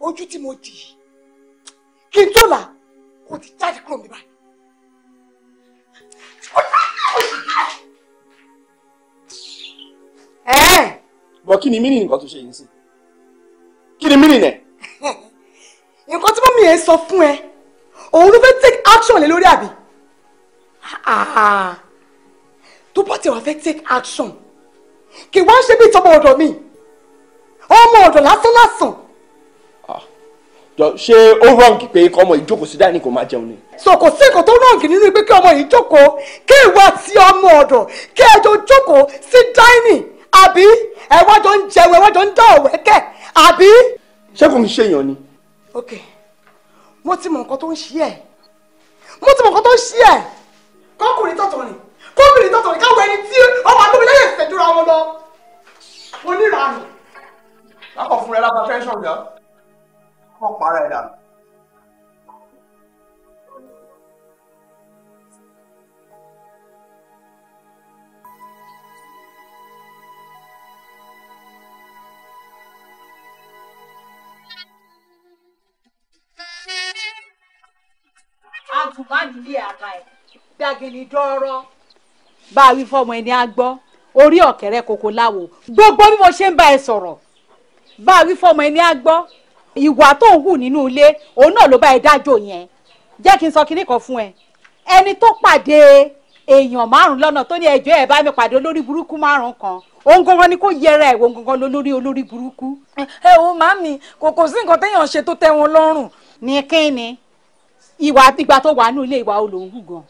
Speaker 2: ojú tí mo dì í kí n tó là kò ti jáde kúrò mi báyìí. bọ̀ kí ni mínì nǹkan tó ṣe yìí sí kí ni mínì nẹ̀. nǹkan tí mọ́mí yẹn sọ fún ẹ òun ló fẹ́ take action lé lórí àbí ah, tó bá tiẹ̀ wá fẹ́ take action kì wá ń ṣe bí tọmọ ọ̀dọ̀ mi ọmọ ọ̀dọ̀ lásán
Speaker 4: lásán. Ah, ṣé ó rọ̀ǹgì pé kọ́mọ ìjókòó sí dání kò máa jẹun ni.
Speaker 2: sọ kò sí nǹkan tó rọ̀ǹgì nínú pé kí ọmọ yìí jókòó kí ìwà ti ọmọ ọ̀dọ̀ kí ẹ jọ jókòó sí dání àbí ẹ wá jọ ń jẹun ẹ wá jọ ń dá ọ̀wẹ́kẹ̀
Speaker 3: àbí. ṣé kò ń ṣèyàn ni.
Speaker 2: okay wọ́n ti mọ nǹkan tó ń ṣe ẹ̀ wọ́n ti mọ nǹkan tó ń ṣe ẹ̀ kọ́kùnrin tọ̀tọ̀ rìn kọ́kùnrin tọ̀tọ̀ rìn káwọn ẹni tí ọmọ àgbẹ̀mí lẹ́yìn ìfẹ́ dúra wọn lọ oníranù. lákọ̀ fún rẹ
Speaker 3: lábàá tẹ́ńsọ̀n yá kọ́ para ẹ̀ dànù.
Speaker 2: àtùbádìlé àbá ẹ̀ gbàgìlì dọ́rọ́ bá a wí fọmọ ẹni á gbọ́ orí ọ̀kẹ́rẹ́ kòkó láwo gbogbo bí mo ṣe ń bá ẹ sọ̀rọ̀ bá a wí fọmọ ẹni á gbọ́ ìwà tó ń hù nínú ilé òun náà ló bá ẹ dájọ́ yẹn jẹ́ kí n sọ kinní kan fún ẹ ẹni tó pàdé èèyàn márùn lọ́nà tó ní ẹjọ́ ẹ̀ bá mi pàdé olórí burúkú márùn kan òun gangan ni kò yẹra ẹ̀wọ̀n gangan lórí olórí burúkú. ẹ o màmí kò kò sí nǹkan téèyàn ṣe tó tẹ́ wọn lọ́rùn. ní kíni ìwà àtìgbà tó wà ní ilé ìwà olóhùn gan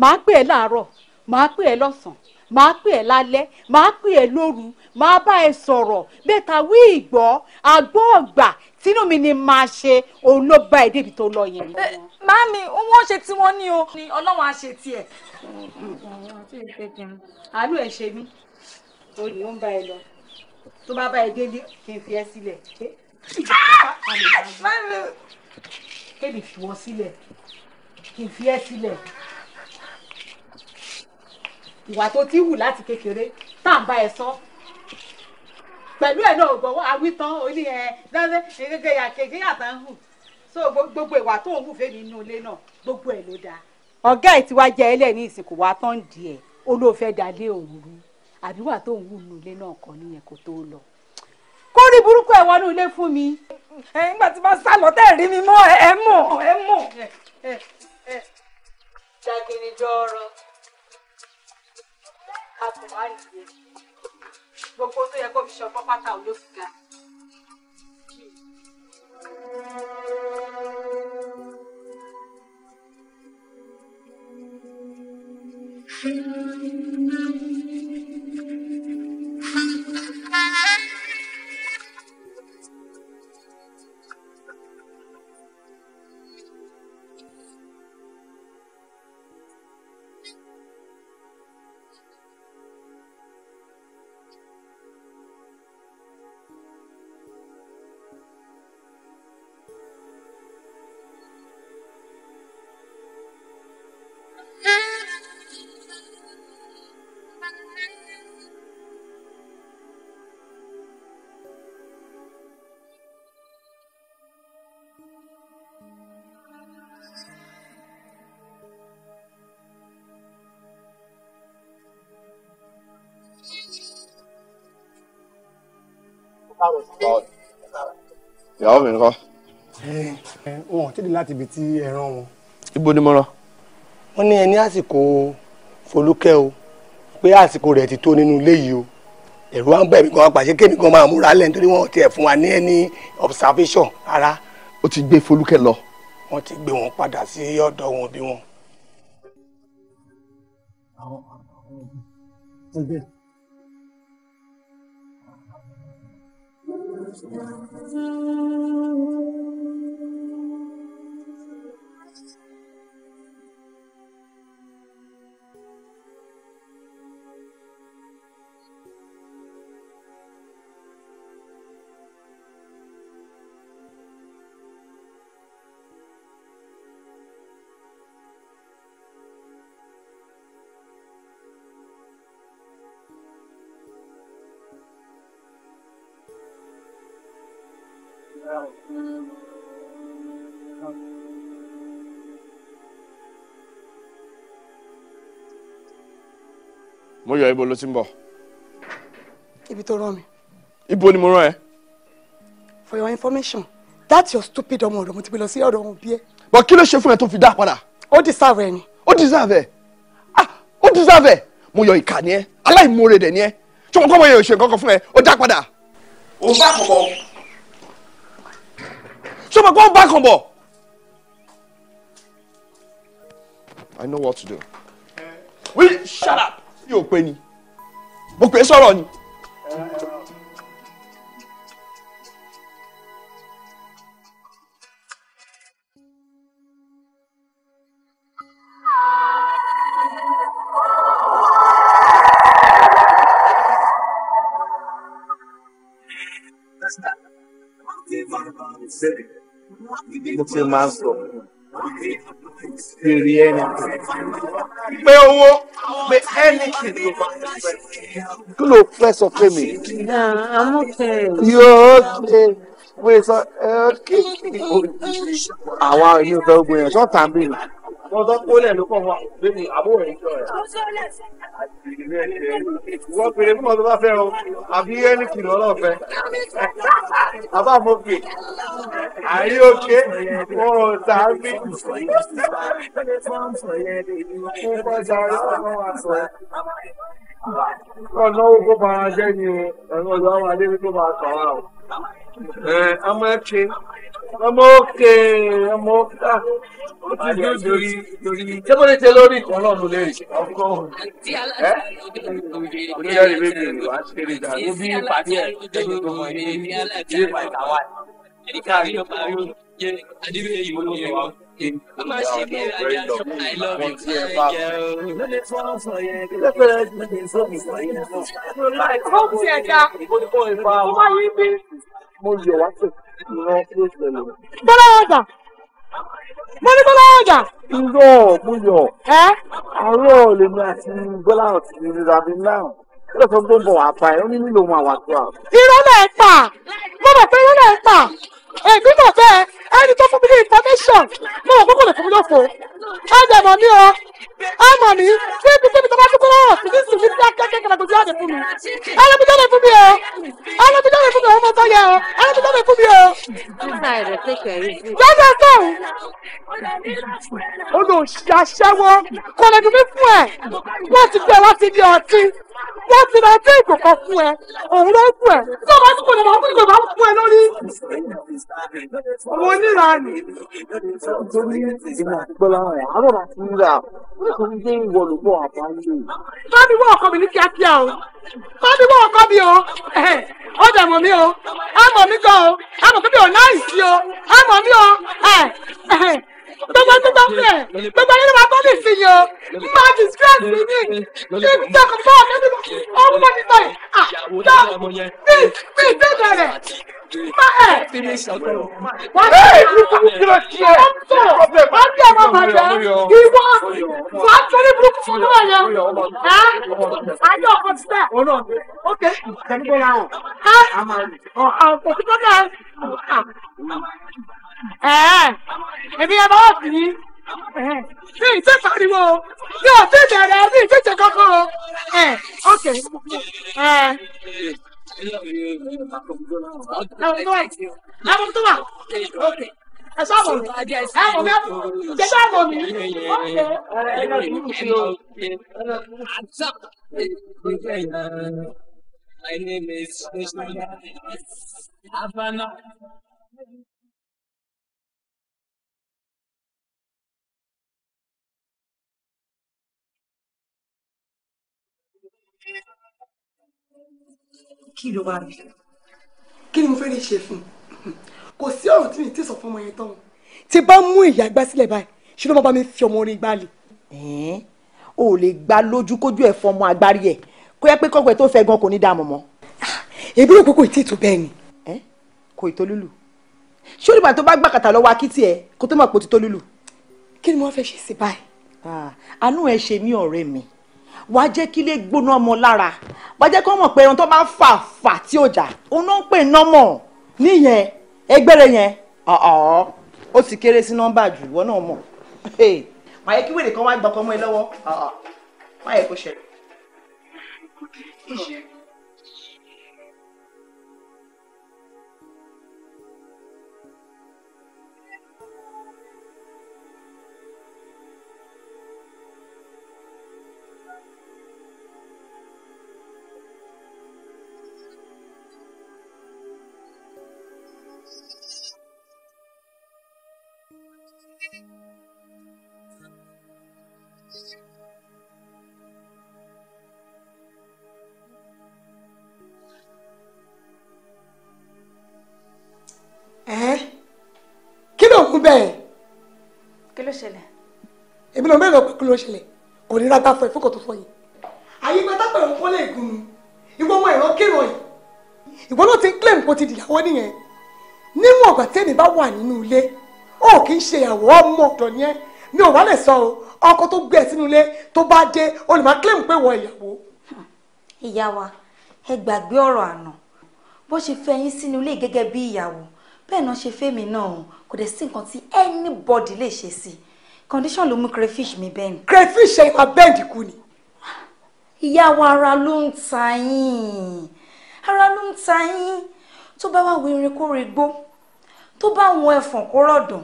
Speaker 2: màá pè ẹ́ láàárọ̀ màá pè ẹ́ lọ́sàn màá pè ẹ́ lálẹ́ màá pè ẹ́ lóru màá bá ẹ sọ̀rọ̀ bẹ́ẹ̀ta wí ìgbọ́ àgbọ́ ọ̀gbà tínú mi ni màá ṣe òun ló bá ẹ débi tó lọ yẹn.
Speaker 1: Eh, màámi wọ́n ṣe tí wọ́n ní o ni ọlọ́run á ṣe tiẹ̀. àánú ẹ̀ ṣe mí o ní ó ń bá ẹ lọ tó bá bá ẹ délé kí n fi ẹ sílẹ̀. Ah! kébi fi wọ́n
Speaker 2: sílẹ̀ kì í fi ẹ́ sílẹ̀ ìwà tó ti wù láti kékeré tá à ń bá ẹ sọ pẹ̀lú ẹ̀ náà gbọ́wọ́ awítán oní ẹ̀ lọ́sẹ̀ gẹ́gẹ́ yà kéèké yàtọ̀ ń hù so gbogbo ìwà tó ń hù fèmí inú ilé náà gbogbo ẹ̀ ló dáa. ọ̀gá ẹ̀ tí wàá jẹ́ ẹlẹ́ ní ìsìnkú wa tán dì ẹ̀ olóòfẹ́ dalé òru àbí wà tó ń hù nínú ilé náà kọ́ nìyẹn kó tó lọ kó rí burúkú ẹ̀ wọnú ilé fún mi ẹ̀ nígbà tí wọ́n sá lọ tẹ́ rí mi mọ́ ẹ mọ̀ ẹ mọ̀.
Speaker 1: ṣàgìrì jọrọ a kò wá nìyẹn gbogbo tó yẹ kó fi ṣọpọ́ pátá ò ló ga.
Speaker 5: Thank hmm. you.
Speaker 4: ìyàwó mi ńkọ́. wọn ò tètè láti ibi tí ẹran wọn. ibo ni mo rọ. wọ́n ní ẹni àsìkò Folúkẹ́ o
Speaker 3: pé àsìkò rẹ̀ ti tó nínú ilé yìí o ẹ̀rù wa ń bẹ̀ mí gan pàṣẹ kémi gan máa múra lẹ́nu torí wọn ò
Speaker 2: tiẹ̀ fún wa ní ẹni observation rárá.
Speaker 4: ó ti gbé Folúkẹ́ lọ. wọ́n ti gbé wọn padà sí ọ̀dọ̀ wọn bí wọn.
Speaker 5: Thank you.
Speaker 3: mo yọ ibo ló ti ń bọ̀. ibi tó rán mi. ibo ni mo rán ẹ.
Speaker 2: for your information that your stupid ọmọ ọ̀dọ̀ mo ti gbé lọ sí ọ̀dọ̀ ọ̀hún bí ẹ. but kí ló ṣe
Speaker 3: fún ẹ tó fi dá padà. ó deserve ẹ ni. ó deserve ẹ ah ó deserve ẹ mo yọ ìkà ni ẹ aláìmoore dẹ ni ẹ tí wọn kọ́ mo yọ ìṣe nǹkan kan fún ẹ ó dá padà. ó bá kàn bọ̀. ṣé mo kọ́ ó bá kàn bọ̀.
Speaker 4: I know what to do. Will you shut up? mi ò pè ní mo pè é sọ̀rọ̀ ni.
Speaker 3: mo ti máa ń sọ
Speaker 4: pé owó pé anything
Speaker 3: ló bá fẹ́ kí ló fẹ́ sọ pé I'm okay. You're okay. wait sọ kí àwọn èyí fẹ́ gbé yẹn sọ́tàn bí. wọ́n sọ pé ó lẹ̀ ló kọ̀ wá lórí àbúrò ìjọ rẹ̀ kìlú ẹ̀ ṣe wọ́n pèrè fún ọdún bá fẹ́ o àbí ẹni kìlú ọlọ́fẹ́ àbá mo pè
Speaker 5: òkè wọn ò tà
Speaker 3: ọ̀nà owó bàrà jẹ́ ni ọ̀nà ọ̀dọ́ àwọn adébí bá a sọ̀rọ̀ àwọn. ọmọ ẹ ṣe ọmọ òkè ọmọ òkà ó ti dé lórí lórí ṣé mo lè ṣe lórí ìtàn náà ló lérè ọkọ ẹ
Speaker 4: oníyàrá ìwé
Speaker 1: mi rè wá ṣeré dà ní bí pàdé ẹ lẹ́yìn tó mọ ní ní ilé pàtà wà ní káàrí ọ̀pá yóò yẹ adébẹ̀ yìí mo lè wá. I'm not sure if I love you. I love you.
Speaker 3: Yeah.
Speaker 2: Come here, Jack. Come on, you mo yọ̀ wá sí ìran tó ṣẹlẹ̀. bọ́lá ọjà mo ní bọ́lá ọjà. irọ́ mo yọ̀. ẹ. àárọ̀ lèmi àti bọ́lá ọ̀tí
Speaker 3: ìrora mi náà lọ́sọ̀ tó ń bọ̀ wá pa ẹ̀ ó ní nílò òun àwàtò àwọn.
Speaker 2: irọ́ náà pa mo mọ̀ pé irọ́ náà pa èmi mọ̀ bẹ́ẹ̀ ẹni tó fún mi ní information mo mọ̀ kókò lè fún mi lófo ẹ jẹ́ mọ̀ mí o ẹ mọ̀ mí níbi kíbi tó bá dúpẹ́ lọ́wọ́ sí ní sùn ní kíákíá kẹ̀kẹ́ tó jáde fún mi ẹlẹ́bíjọ́ lè fún mi o ẹlẹ́bíjọ́ lè fún mi ọmọ tó yẹ o ẹlẹ́bíjọ́ lè fún mi o. lọ́sẹ̀ sọ̀rọ̀ olùṣàṣẹ́wọ́ kò lè dùn mí fún ẹ̀ wọ́n ti gbé wọ́n ti di
Speaker 5: ọtí wọ́n ti ra dé ìkòkò fún ẹ òun ló fún ẹ tí ọba tí kò lè máa fún ìkòkò fún ẹ lórí. Owó nílà ni. Nítorí
Speaker 2: ìmọ̀ àgbọ̀lá rẹ̀, àárọ̀ bá ti ń rà, ó kò ní dé ìwọ lòpọ̀ àbáyé. Tọ́ni wọ́n ọkọ mi ní kíákíá o. Tọ́ni wọ́n ọkọ mi o. Ó dẹ̀ mọ̀ mí o. Á mọ̀ mí gan o. Á mọ̀ pé mi ò náà ìsí o. Á mọ̀ mí o gbogbo tó bá fẹ́ gbogbo ayé ló máa bọ́ mi sí ni o máa distress mi ní ṣébi tó kò fọ́ mi nínú ọmọ mi tọ́ yìí ah tó mi mi dé bẹ̀rẹ̀ má ẹ̀ wà á bẹ̀rẹ̀ kí ló ṣe é wà á bẹ̀rẹ̀ ọmọ bàjẹ́ oh. ìwọ wà á torí burúkú fún mi wọ̀nyẹ ẹ́ ayé ọkọ̀ ti tẹ̀ ok tẹ̀lé bọ́lá o ẹ́ ọ̀kọ̀ tí bọ́lá ẹ̀ èmi ẹ bá wà sí i mi ì tí pariwo o mi ò tí bẹ̀rẹ̀ mi ì tí jẹ kọ́kọ́ o ok.
Speaker 1: Àwọn tó wà ok ẹ sábọ̀ mi ẹ sábọ̀ mi ẹ
Speaker 2: sábọ̀
Speaker 5: mi ok. My name is Krishna. Havana.
Speaker 2: kí ló wá rí kí ni mo fẹ́ lè ṣe fún un kò sí ọ̀rọ̀ tí mi ti sọ fún ọmọ yẹn tán tí bá mú ìyá gbá sílẹ̀ báyìí ṣé ló máa bá mi fi ọmọ orin gbá lè. o ò lè gbá lójúkójú ẹ̀ fọmọ agbárí ẹ̀ kó yẹ pé kọ́gbẹ́ tó fẹ́ gan kò ní dààmú mọ́. Ah, èbí rẹ̀ pé kò tí ì tó bẹ́ẹ̀ ni. kò ì tó lùlù ṣé olùgbà tó bá gbàkàtà lọ́wọ́ akitì ẹ̀ kó tó mọ̀ pé ó ti tó lùlù. kí ni mo fẹ́ ṣe sí báyìí. Ah, àánú ẹ ṣe mí ọ̀rẹ́ mi wàá jẹ́ kí ilé gbóná ọmọ lára wàá jẹ́ kí wọ́n mọ̀ pé ẹran tó bá fà fà tí ò jà òun náà ń pè nọ́mọ̀ níyẹn ẹgbẹ́rẹ́ yẹn ọ̀ọ́ ó ti kéré sí nọ́mbà jù ìwọ náà mọ̀ wàá yẹ kí wèrè kan wá gbọ́kọ́ mọ́ ẹ lọ́wọ́ wàá yẹ kó ṣẹlẹ̀. ló ṣẹlẹ̀ kò ní rábà fọ ìfọkàn tó fọ yìí. àyípadà pẹ̀lú fọ́lẹ̀ ìgúnnu ìwọ ọmọ ìran kírọ̀ yìí ìwọ náà ti ń claim kó ti dìyàwó nìyẹn níwọ̀n ọ̀gbà tẹ́ni bá wà nínú ilé ó kì í ṣe ìyàwó ọmọ ọ̀dọ̀ ni ẹ́ mi ò wá lè sọ ọkọ tó gbé ẹ sínú ilé tó bá dé o lè pé wọ ìyàwó.
Speaker 1: ìyá wa ẹ gbàgbé ọ̀rọ̀ àná bó ṣe fẹ́ yín sínú ilé gẹ́gẹ́ bí ìyàwó bẹ́ẹ̀ náà ṣe fẹ́ mi náà kò dẹ̀ sí nǹkan tí anybody lè ṣe sí i condition ló mú crayfish mi bend. crayfish ẹ máa bend kú ni. ìyá wa ara ló ń ta yín ara ló ń ta yín tó bá wà wírin kó rè gbó tó bá wọn ẹfọn kó rọdùn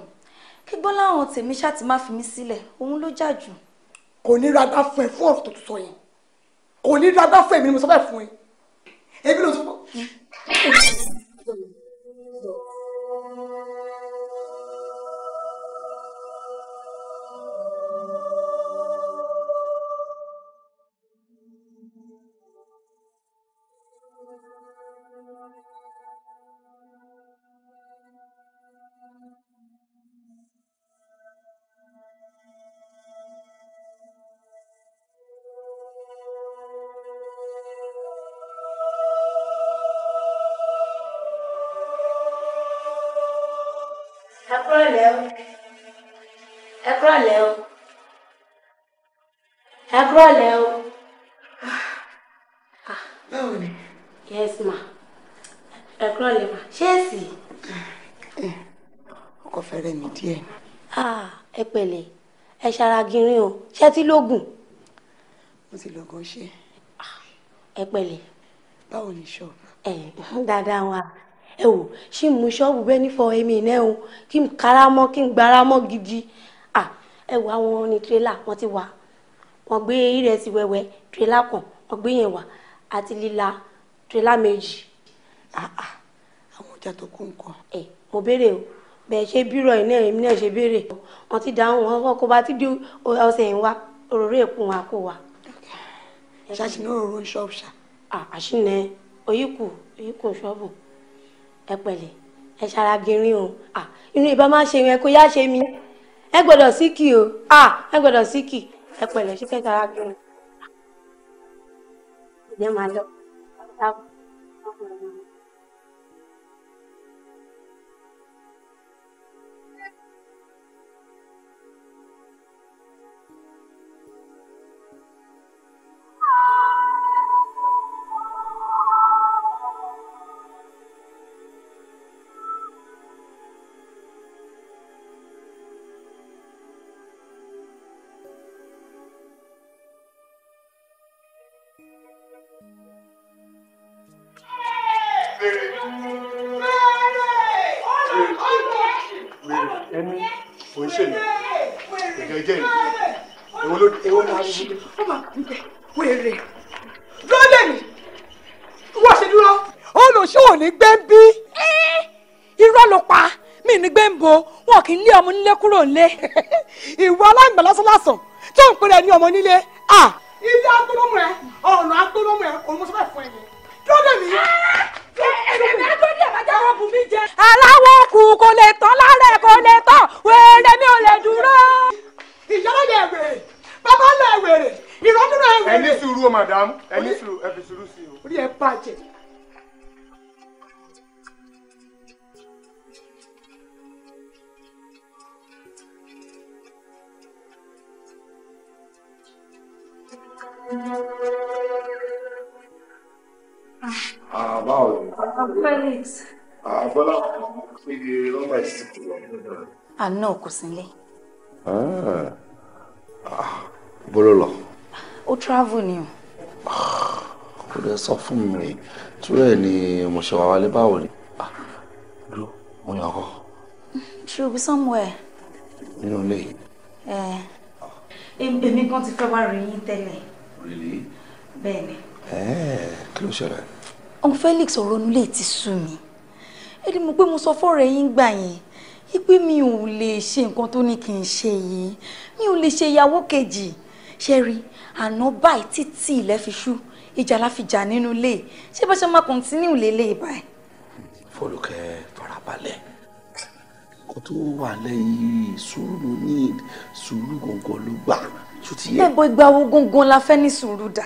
Speaker 1: kí gbọ́n láwọn tèmi ṣáàtì
Speaker 2: má fi mí sílẹ̀ òun ló jà jù. kò ní ragbá fún ẹ fún ọ̀rọ̀ tó tún sọ yẹn kò ní ragbá fún èmi ni mo sọ bẹ́ẹ̀ fún ẹ èmi ló sọ fún ẹ.
Speaker 1: ṣara gírín o ṣé ti lóògùn. mo ti lọ́gàn ṣe. ẹ pẹ̀lẹ́. báwo ni ṣọ́ọ̀bù. ẹ dáadáa wa ẹ wò
Speaker 2: ṣì mú ṣọ́ọ̀bù bẹ́ẹ̀ ní fọ èmi náà o kí n kára mọ́ kí n gbára mọ́ gidi
Speaker 1: ẹ wò àwọn ní tírélà wọ́n ti wà wọ́n gbé ìrẹsì wẹ́wẹ́ tírélà kan wọ́n gbé yẹn wà àti lílà tírélà méjì. àwọn ọjà tó kún nǹkan. ẹ mo béèrè o bẹ́ẹ̀ ṣe bírọ̀ iná èmi náà ṣe béèrè wọn ti dáhùn wọn kó bá ti di ọ̀sẹ̀ yìí wá òróró èkó wa kó wa. ṣáàṣì ní òróró ṣọ́ọ̀bù ṣá. àṣìnà oyíkù oyíkù ṣọ́ọ̀bù ẹ pẹ̀lẹ́ ẹ ṣara gírín o inú ìbá máa ṣe yẹn kó yá ṣe mí ẹ gbọ́dọ̀ síkì o ẹ gbọ́dọ̀ síkì ẹ pẹ̀lẹ́ ṣe kẹ́ ṣara gírín. ìjẹ́ máa lọ.
Speaker 2: kì í lé ọmọ nílé kúrò nílé ìwọ aláìmọ̀ lásánlásán tó ń pèrè ní ọmọ nílé à. ilé agbóhùn rẹ ọ̀nà agbóhùn rẹ òun mo fún ẹ kí ó lè mí. ẹ̀ẹ́dẹ̀gbẹ́ agbóhùn ẹ̀ bá jẹ́ ọ̀rọ̀ jẹ. aláwọ̀ kù kò lè tán lálẹ́ kò lè tán wẹ́rẹ́ mi ò lè dúró. ìyálò wèrè bàbá lè wèrè ìrọ́dúnrún ẹ̀ wèrè. ẹ ní
Speaker 4: sùúrù o madam ẹ ní sùúrù ẹ fi sùúrù sí o.
Speaker 2: orí ẹ bàjẹ́.
Speaker 4: Ah, báwo ni?
Speaker 1: Ah, Felix. Ah, Bọ́lá pé nọ́mbà ẹ̀ sì ti lọ. Àná kò
Speaker 3: Ah, ah Bó ló lọ?
Speaker 1: Ó travel ni o.
Speaker 3: Ah, kò dẹ̀ sọ fún mi. Túrẹ̀ ni mo ṣe wà wálé báwo ni? Dúró, mo yàn kọ́.
Speaker 1: She'll be somewhere. Nínú ilé yìí. Eh, èmi gan ti fẹ́ wá rí yín tẹ́lẹ̀. Really? Bẹ́ẹ̀ni.
Speaker 3: Ẹ́ẹ̀ eh, kí ló ṣẹlẹ̀?
Speaker 1: Ọ̀n Felix ọ̀rọ̀ inú lè ti sú mi. Ẹ ní mo pé mo sọ fọ́ọ̀rẹ́ yín gbà yẹn. Ipe mi ò lè ṣe nǹkan tó ní kí n ṣe yìí. Mi ò lè ṣe ìyàwó kejì. Ṣẹ́rí àná báyìí títí ilẹ̀ fi ṣú. Ìjà la fi jà nínú ilé. Ṣé bá ṣe máa kọ̀ntínú lélẹ̀ báyìí?
Speaker 3: Fọlùkẹ́ farabalẹ̀ nǹkan tó wà lẹ́yìn sùúrù ní sùúrù gangan ló gbà tó ti yẹ. ẹ̀bọ̀
Speaker 1: ìgbà wo gangan la fẹ́ ní sùúrù dà.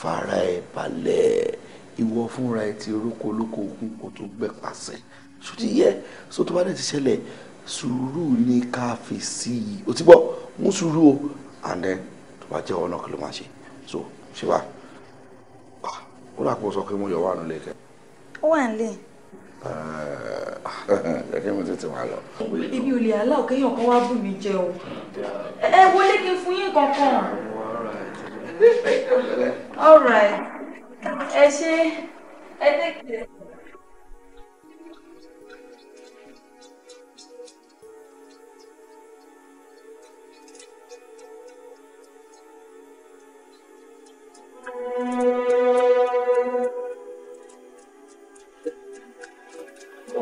Speaker 3: fara ẹ balẹ̀ ìwọ fúnra ẹ ti orókó olóko ogun kò tó gbẹ pàṣẹ tó ti yẹ so tó bá dẹ̀ ti ṣẹlẹ̀ sùúrù ni ká fi sí i o ti gbọ́ mú sùúrù o and then tó bá jẹ́ ọ̀nà kí ló máa ṣe so ṣe wá ah, ó dà pọ̀ sọ pé mo yọ̀ wà nílé kẹ́. ó wà nílé jẹ́ eh, kí mo tètè wá lọ.
Speaker 1: ibi ò lè aláwọ̀ kéèyàn kan wá bù mí jẹ o ẹ wọlé kí n fún yín kankan. ẹ ṣe ẹ tẹ́kẹ̀ẹ́.
Speaker 5: Thank you.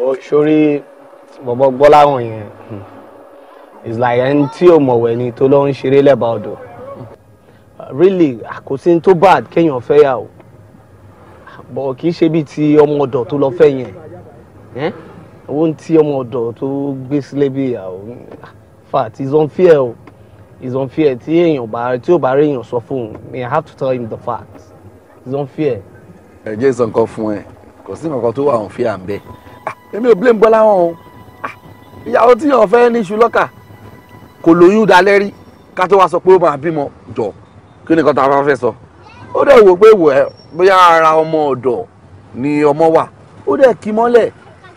Speaker 3: o sórí bọ̀bọ̀ gbọ́láhùn yẹn is like ẹni tí ò mọ̀wẹ̀ ni tó lọ ń ṣeré lẹ́bà ọ̀dọ̀ really àkótí tó bad kéèyàn fẹ́ yà o bọ̀ kì í ṣe bíi ti ọmọ ọ̀dọ̀ tó lọ fẹ́ yẹn owó ń tí ọmọ ọ̀dọ̀ tó gbé sílé bí ìyàwó fact is unfair o is unfair tí èèyàn bá tí ò bá rí èèyàn sọ fún un I have to tell him the fact is unfair. ẹ jẹ́ ìsọ̀kan fún ẹ kò sí nǹkan tó wà òun fi à ń bẹ́ẹ̀ èmi ò blame Bọ́lá wọn o ah, ìyàwó tí yàn fẹ́ ní iṣu lọ́kà kò lóyún dalẹ́ rí ká tó wá sọ pé ó máa bímọ jọ kí nìkan tá a máa fẹ́ sọ ó dẹ̀ wò pé wò ẹ́ bóyá ara ọmọ ọ̀dọ̀ ni ọmọ wà ó dẹ̀ kí mọ́lẹ̀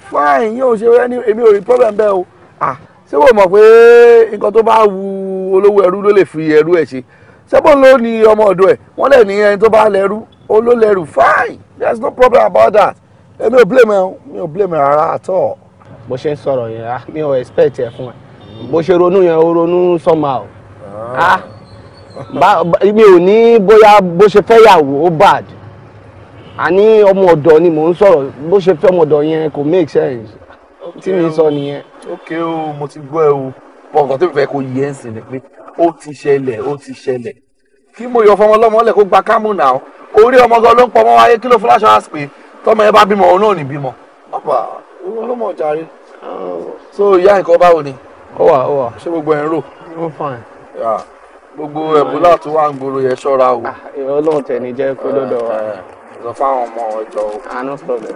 Speaker 3: fine yóò ṣe ẹni èmi ò rí problem bẹ́ẹ̀ o ah ṣé wò mọ̀ pé nǹkan tó bá wu olówó ẹrú ló lè fi ẹrú ẹ̀ ṣe ṣẹ́bọ̀n ló ní ọmọ ọ̀dọ̀ ẹ̀ wọ́n lẹ̀ ní ẹni tó bá lẹ́rú ó ló lẹ́rú fine there's no problem about that èmi ò blame ẹ mi ò blame ẹ rárá àtọ. bó ṣe ń sọ̀rọ̀ yẹn ah, mi ò expect ẹ fún ẹ bó ṣe ronú yẹn ó ronú somehow ah. ah, mi ò ní bóyá bó ṣe fẹ́ yàwó ó bad àní ọmọ ọ̀dọ̀ ni mò ń sọ̀rọ̀ bó ṣe fẹ́ ọmọ ọ̀dọ̀ yẹn kò make sense tí mi sọ nìyẹn. ok o mo ti gbọ́ ẹ o wọn kàn tó fẹ́ kó yẹ ẹ́ sìn ni pé ó ti ṣẹlẹ̀ ó ti ṣẹlẹ̀ kí mo yọ fọmọ ọlọ́mọ lẹ̀ kó gba kámù náà orí ọmọ gan ló ń pọ̀ mọ́ wáyé kí ló fún láṣọ àṣpè tọ́mọ ẹ bá bímọ òun náà ní bímọ. bàbá òun ló mọ̀ jàre. so ìyá nǹkan báwo ni. ó wà ó wà. ṣé gbogbo ẹ̀ ń rò. ó fàn. gbogbo ẹ̀bùlà tó wà ń gbòòrò yẹn ṣọ́ra o. ọlọ́run tẹ̀ ní jẹ́ kó lọ́dọ̀ wa. sọ fáwọn ọmọ ọjọ́ o. ah no problem.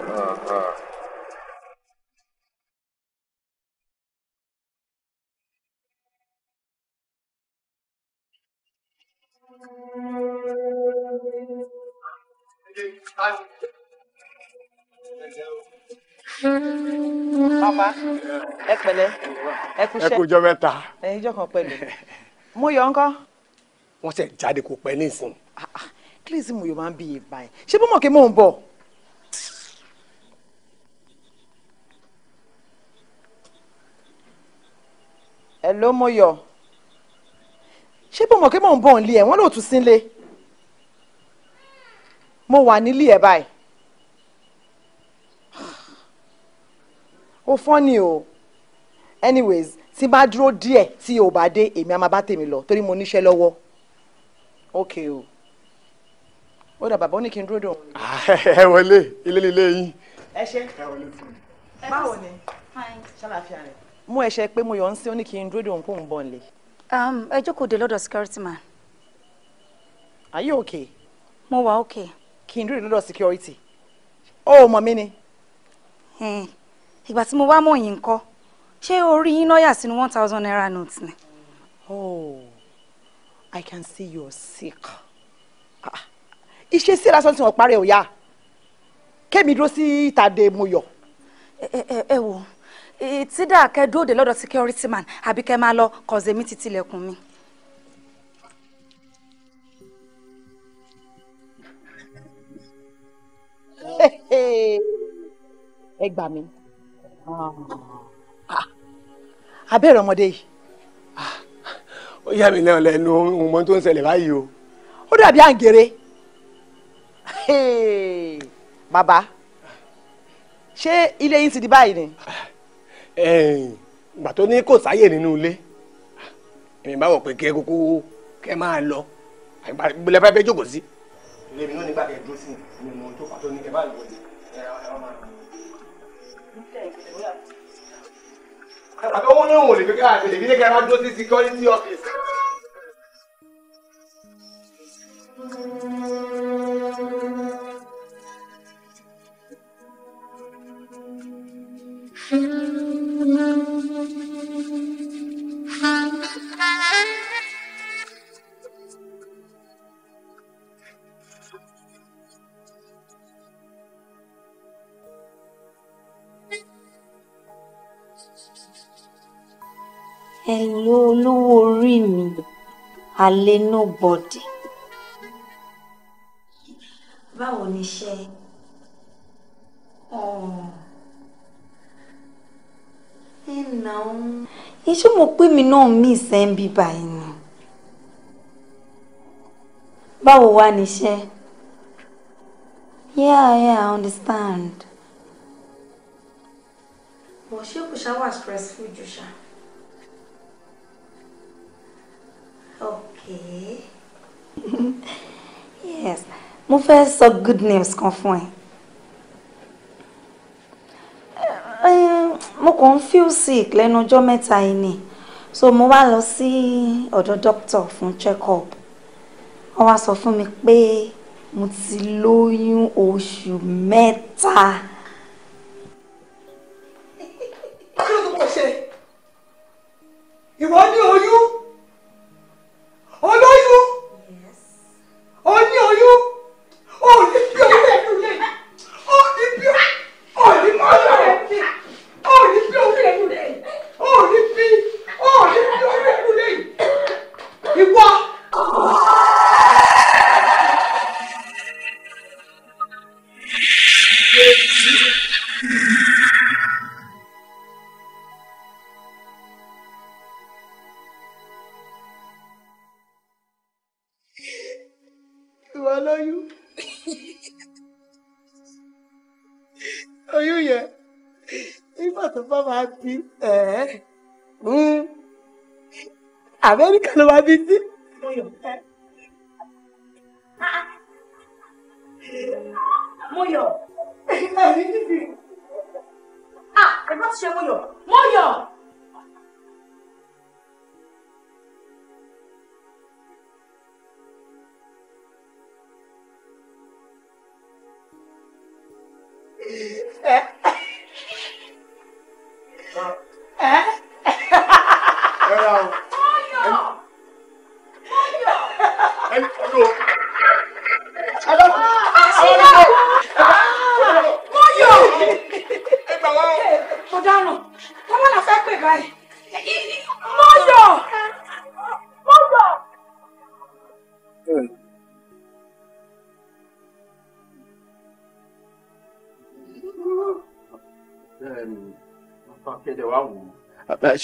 Speaker 2: Thank you. Papa, ẹ pẹ̀lẹ́ ẹ kúṣẹ́ ẹ kújọ mẹ́ta ẹyin jọ kan pẹ̀lú mo yọ ńkọ́. wọ́n ṣe jáde kó pẹ́ nísìn. kílíìsì ah, ah, mo yóò máa ń bí iye báyìí ṣé bó mọ̀ kí mò ń bọ̀. ẹ ló mo yọ ṣé bó kí mò ń bọ̀ ń lé ẹ̀ wọ́n lóòótú sílé mo wà nílé ẹ̀ báyìí. ó fọ́nì o anyways tí bá dúró díẹ̀ tí o bá dé èmi á máa bá tèmi lọ torí mo níṣẹ́ lọ́wọ́ ok o ó dà bàbá ó ní kí n dúró dùn.
Speaker 4: Ah, ẹ wọlé ilé lílé yín. ẹ
Speaker 2: ṣe báwo ni ṣàlàfíà rẹ. mú ẹ ṣe pé mo yọ̀ ń sí ó ní kí n dúró dùn kó ń bọ̀ nílé.
Speaker 1: Um, ẹ jókòó dé lọ́dọ̀ security man. are you okay. mo wà okay. kí n dúró dé lọ́dọ̀ security. ó mọ̀ mí ni ìgbà tí mo wá mọ̀ yín ńkọ́ ṣé orí yín lọ́ọ̀yà sínú one thousand naira note ni. oh i can see you are sick ah,
Speaker 2: iṣẹ́ sí lásán tí wọ́n parí ẹ̀ ò yá kémi dúró sí ìtàdé mo yọ. ẹ
Speaker 1: ẹ ẹ wo tí dàkẹ́ dóde lọ́dọ̀ security man àbí kẹ́ máa lọ kọ̀ọ̀zẹ̀ mi ti tilẹ̀kùn mi.
Speaker 2: ẹ gbà mí Ah. Ah, abẹ́rẹ́ ọmọdé yìí. Ah,
Speaker 4: ó yà mí náà lẹ́nu ohun mọ́ tó ń ṣẹlẹ̀ báyìí o.
Speaker 2: ó dàbí àǹgẹ̀rẹ̀ bàbá ṣé ilé yín ti di báyìí ni.
Speaker 4: ìgbà tó ní kò sáyè nínú ilé
Speaker 2: èmi bá wọ̀ pé kẹ́ kúkú kẹ́ máa lọ lẹ́fẹ̀ẹ́ fẹ́ jókòó sí.
Speaker 3: ilé mi náà nígbà tẹ̀ dúró sí ni mo tó pàtó ní kẹ́ bá lọ
Speaker 2: àbí owó náà wò lè fi ká àtẹlẹ bí ní kẹrẹ dúró sí security office.
Speaker 1: Thank you. ẹ̀yin olówó orí mi alẹ́ nobody. báwo ni iṣẹ́ ẹ̀nà iṣẹ́ mo pé mi náà mí ìsẹ́ń bíbá yìí ni báwo wá ni iṣẹ́ yeah yeah I understand. bó ṣe kò ṣá wà stressful jù ṣá. Okay. yes. Mo fẹ́ sọ good news kan fún ẹ. Eh, eh, mo kàn ń feel sick lẹ́nu ọjọ́ mẹ́ta yìí ni. So mo wá lọ sí ọ̀dọ̀ doctor fún check-up. Wọ́n wá sọ fún mi pé mo ti lóyún oṣù mẹ́ta.
Speaker 2: Bitti.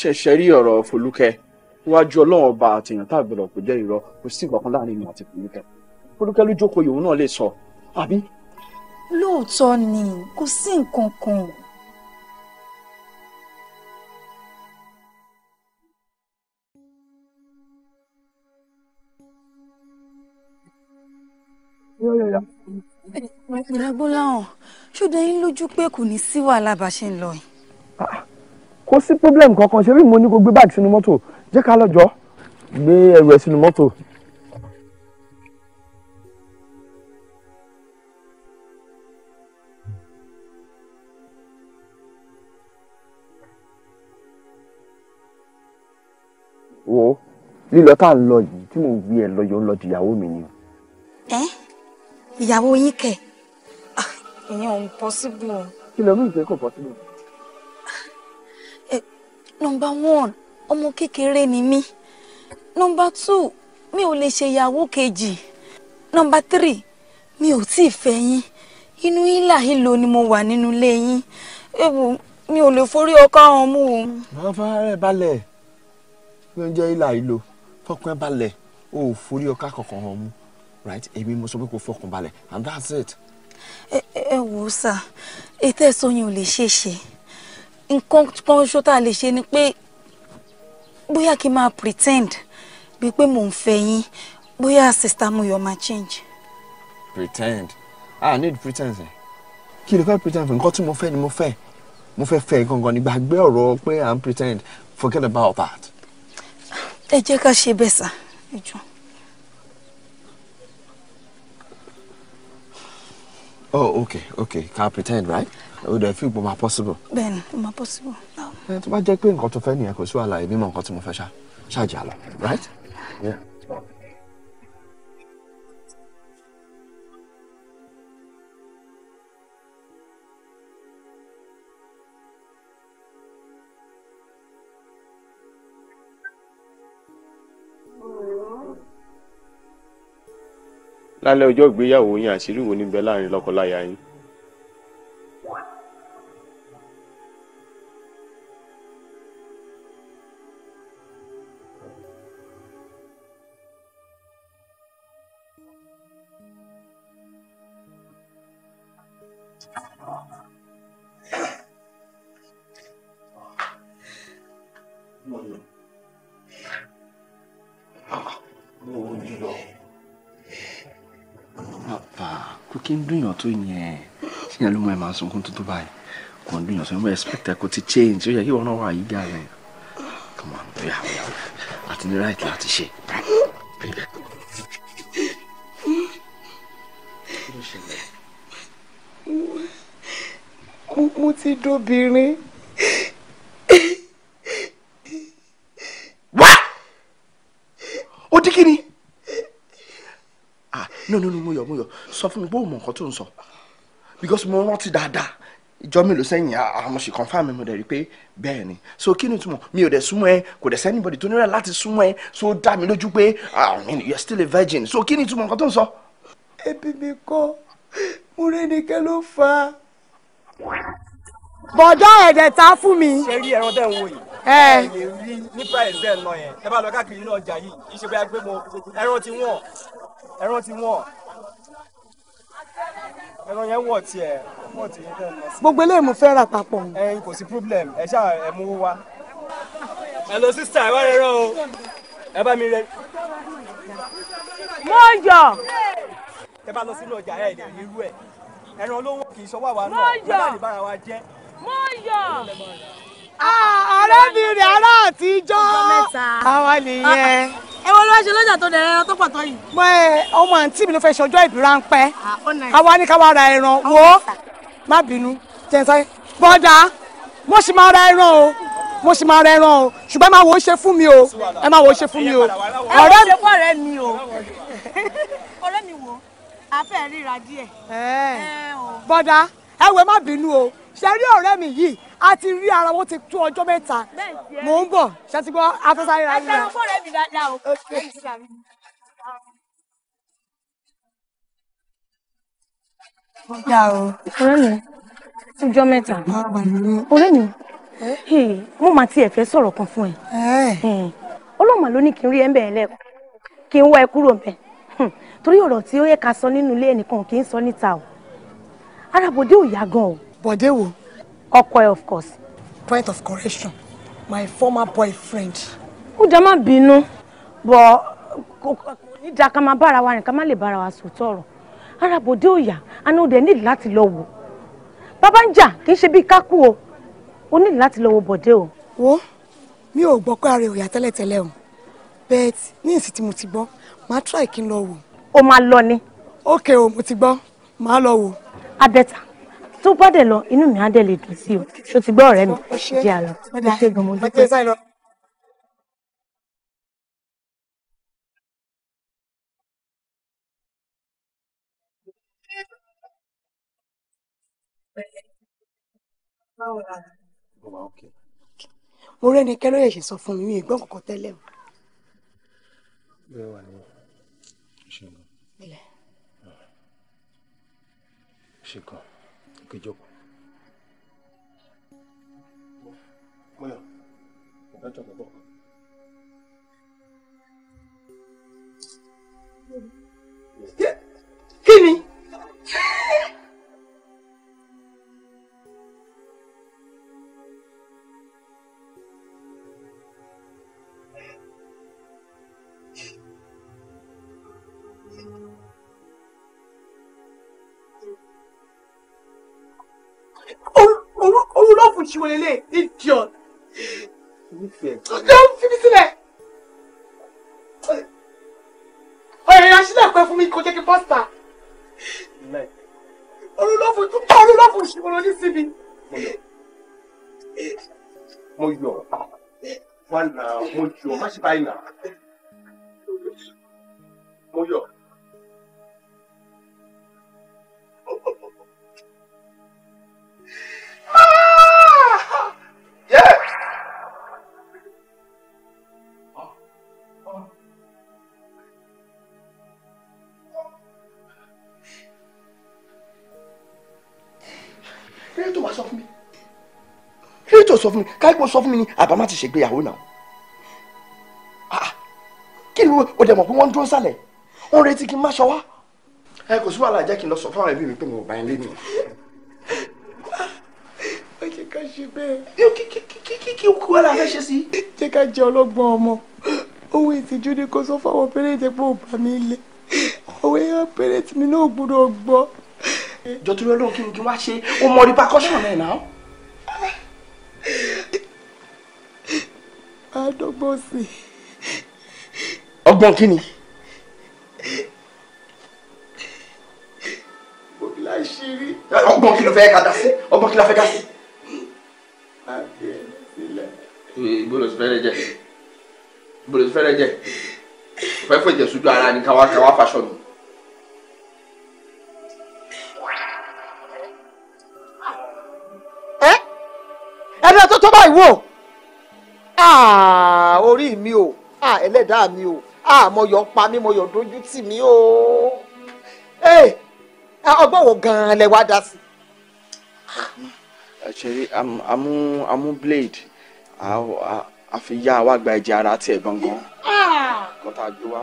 Speaker 4: ṣẹ̀ṣẹ̀ rí ọ̀rọ̀ Folúkẹ́ wájú Ọlọ́run ọba àtìyàn tá àgbẹ̀rọ̀ kò jẹ́ irọ́ kò sí nǹkan kan láàrin ìmọ̀ àti Folúkẹ́ Folúkẹ́ ló jókòó ìhun náà lè sọ àbí.
Speaker 1: lóòótọ́ ni kò sí nǹkan kan. Ìràgbọ́láhàn ṣó dẹ́yìn lójú pé kò ní sí wàhálà bá ṣe ń lọ yìí
Speaker 3: kò sí problem kankan ṣe bí mo ní kó gbé báàgì sínú mọ́tò jẹ́ ká lọ jọ gbé ẹrù ẹ̀ sínú mọ́tò.
Speaker 4: wo lílọ tá à ń lọ yìí tí mò ń gbé ẹ lọ yọ ń lọ dìyàwó mi ni. ẹ
Speaker 1: ìyàwó yín kẹ ah, ìyẹn ò ń possible. kí ló ń gbé kò possible nọmba one ọmọ kékeré ni mí nọmba two mi ò lè ṣe ìyàwó kejì nọmba three mi ò tí ì fẹ́ yín inú ìlà ìlò ni mo wà nínú ilé yín ewu mi ò lè forí ọkọ àwọn mú o.
Speaker 3: wọ́n fara rẹ̀ balẹ̀ ló ń jẹ́ ìlà ìlò fọkàn balẹ̀ o ò forí ọkọ kankan hàn mú right èmi mo sọ pé kò fọkàn balẹ̀ and
Speaker 1: that's it. ẹ ẹ wò ó sà ètò ẹ̀sọ́ yẹn ò lè ṣeé ṣe nǹkan kan ṣó tá a lè ṣe ni pé bóyá kí n máa pretend bíi pé mò ń fẹ́ yín bóyá sista Muyọ̀ máa change.
Speaker 4: pretend
Speaker 3: ah, i need pretend ẹ kí ló fẹ́ pretend fún nǹkan tí mo fẹ́ ni mo fẹ́ mo fẹ́ fẹ́ gangan nígbà gbé ọ̀rọ̀ pé i am pretend forget about that.
Speaker 1: ẹ jẹ́ ká ṣe bẹ́ẹ̀ sà ẹ jọ.
Speaker 3: oh okay okay can I pretend right o dẹ̀ fi ìgbọ́n máa possible.
Speaker 1: bẹ́ẹ̀ni o máa possible.
Speaker 3: ẹ eh, tó bá jẹ́ pé nǹkan tó fẹ́ nìyẹn kò sí wàhálà èmi mọ nǹkan tí mo fẹ́ ṣá ṣáàjì àlọ right. Yeah.
Speaker 4: lálẹ́ ọjọ́ ìgbéyàwó yín àṣírí wo níbẹ̀ láàrin lọ́kọ-láya yín.
Speaker 3: tó yẹn ṣíyàn ló mọ ẹ̀ máa sunkún tuntun báyìí kò ń dùnyàn sọ mo expect ẹ kò ti change ó yẹ kí wọn náà wà yí gà yẹn come on oya oya àti ní right láti ṣe.
Speaker 2: mo ti dóbìnrin.
Speaker 4: no no no mo yọ mo yọ sọ fún mi pé
Speaker 3: o mọ nǹkan tó ń sọ because mo rántí dáadáa ìjọ mélòó sẹ́yìn àwọn ṣì confam mi mo dẹ̀ rí pé bẹ́ẹ̀ ni so kí ni ìtumọ̀ mi ò dẹ̀ súnmọ́ ẹ kò dẹ̀ sẹ́nibọ̀dì tó nira láti súnmọ́ ẹ so dá mi lójú pé I you are still a virgin so kí ni ìtumọ̀ nǹkan tó ń sọ. ẹbí mi kọ́
Speaker 2: mo rí nìkan ló fà á. bọ̀dọ̀ ẹ̀dẹ̀ ta fún mi. ṣe rí ẹran tẹ́ ń wò yìí ẹ lè
Speaker 3: rí ní price bẹ́ẹ̀ lọ yẹn ẹ bá lọ káàkiri inú ọjà yìí kì í ṣe pé mo ẹran ti wọ̀n ẹran ti wọ̀n
Speaker 2: ẹran yẹn wọ̀ tiẹ̀ wọ̀ tiẹ̀ tẹ̀ lọ sí. gbogbo eléyìí mo fẹ́ rà papọ̀. ẹ kò sí problem ẹ ṣáà ẹ mú wá. hello sister ẹ rẹ rán o ẹ bá mi rẹ. mo yọ. ẹ bá lọ sínú ọjà ẹ lè rí irú ẹ ẹran olówó kì í ṣọwọ́ àwa náà
Speaker 1: mo yọ mo yọ ọ̀rẹ́bìnrin ah, ará
Speaker 2: àtijọ́ àwọn nìyẹn. Ah,
Speaker 1: ẹ ah. wọ́n lọ́wọ́ ṣe lọ́jà tó dẹ̀rẹ́ ẹran tó pọ̀ tó yìí.
Speaker 2: mọ ẹ ọmọ àǹtí mi ló fẹ́ ṣọjọ́ ìbí ráńpẹ́ àwa ní ká wá ra ẹran wo má bínú tẹ̀sán bọ́dà mo sì máa ra ẹran o mo sì máa ra ẹran o ṣùgbọ́n ẹ máa wò ó ṣe fún mi o ẹ máa wò ó ṣe fún mi o. ọ̀rẹ́ mi ọ̀rẹ́
Speaker 1: mi o ọ̀rẹ́ mi wò á fẹ́ ríra díẹ̀.
Speaker 2: bọ́dà ẹ wẹ má bínú o ṣe rí ọ̀rẹ́ mi yìí a ti rí ara wọn ti tó ọjọ́ mẹ́ta mò ń bọ̀ ṣàtìgbọ́ afẹ́sáré rà nílẹ̀. ọjà o. ọ̀rẹ́ mi ọjọ́ mẹ́ta ọ̀rẹ́ mi mo máa tiẹ̀ fẹ́ sọ̀rọ̀ kan fún ẹ ọlọ́mọ ló ní kí n rí ẹ ń bẹ̀ ẹ́ lẹ́kọ̀ọ́ kí n wá ẹ kúrò ńbẹ̀ torí ọ̀rọ̀ tí ó yẹ ká sọ nínú ilé ẹnìkan kì í sọ níta o ara bòdé ò yá gan o. bòdé wo ọkọ of course. point of correction my former boyfriend. ó dá má bínú bọ níjà ká máa bára wa rìn ká má lè bára wa sòótọ́ ọ̀rọ̀ ara bòde òyà àná òde nílì láti lọ wò bàbá ń jà kì í ṣe bíi kákú o o nílì láti lọ wo bòde o. wo mi ò gbọ́ pé ara òyà tẹ́lẹ̀tẹ́lẹ̀ o bẹ́ẹ̀ ní ìsìn tí mo ti gbọ́ màá try kí n lọ wò. o máa lọ ni. ok o mo ti gbọ́ màá lọ wò. abẹ́ta tó bá dẹ̀ lọ inú mi á dẹ̀ lè dùn sí o ṣó ti gbọ́ ọ̀rẹ́ mi jẹ́ àlọ́ ó ṣe gan mo dúpẹ́. mo rẹ́ni kẹ́lọ́ yẹ̀ ṣe sọ fún mi mi ìgbọ́n kọ̀ọ̀kan tẹ́lẹ̀ o.
Speaker 1: bẹ́ẹ̀
Speaker 4: wà Gòkè jókòó. Múyọ̀, mo fẹ́ tọ̀pọ̀
Speaker 2: oríṣiríṣi wọlé lè idiot. ló ń fi mi sílẹ̀. ọ̀rẹ́ ìyá sílẹ̀ pẹ́ fún mi kò jẹ́ kí pọ́sítà. olùlọ́fù túbọ̀ olùlọ́fù ṣùgbọ́n ní síbi.
Speaker 4: mo yọ wọn náà mo yọ má ṣe báyìí náà mo yọ.
Speaker 2: sọ fún mi káyipò sọ fún mi ni àbámá ti ṣègbéyàwó náà
Speaker 3: ah, ah. kí ló o dẹ̀ mọ̀ pé wọ́n ń dúró sálẹ̀ wọ́n retí kí n má ṣọ wá. ẹ kò sí wàhálà jẹ́ kí n lọ sọ fún
Speaker 4: àwọn ẹbí mi pé mo bá yín lé mi.
Speaker 3: má jẹ́ ká ṣe bẹ́ẹ̀.
Speaker 2: yóò kí kí kí kí kí kú wàhálà fẹ́ ṣe sí. jẹ́ ká jẹ́ ọlọ́gbọ́n ọmọ ohun ìtìjú ni kò sọ fáwọn péréte pé ò bá mi lé òwe yẹn péréte mi náà gbọ́dọ̀ gbọ́. jọ̀tún lọ́dún kí n kí wá ṣe ó mọ rí bá kọ́ṣọ̀ náà náà. àádọ́gbọ́n sí i.
Speaker 4: ọgbọ́n kí ni. òbí láì ṣe rí. ọgbọ́n kí ló fẹ́ ká dá sí ọgbọ́n kí ló fẹ́ ká sí.
Speaker 3: ìbúlọ̀ sí fẹ́rẹ̀ jẹ ìbúlọ̀ sí fẹ́rẹ̀ jẹ òfẹ́ fún ìjẹ̀sùjú ara ni káwá káwá fàṣọ mi.
Speaker 2: ẹbí ọtún tó báyìí wò orí mi o ẹlẹ́dàá mi o àmọ̀yọ̀ pa mí mọ̀yọ̀ dojú tì mí o eh, ọgbọ́n wo gan-an lẹ wá dá sí.
Speaker 3: àṣírí amú blade àfi yá wa gba ẹ̀jẹ̀ ara tiẹ̀ gangan kọ́tà
Speaker 4: gbé wá.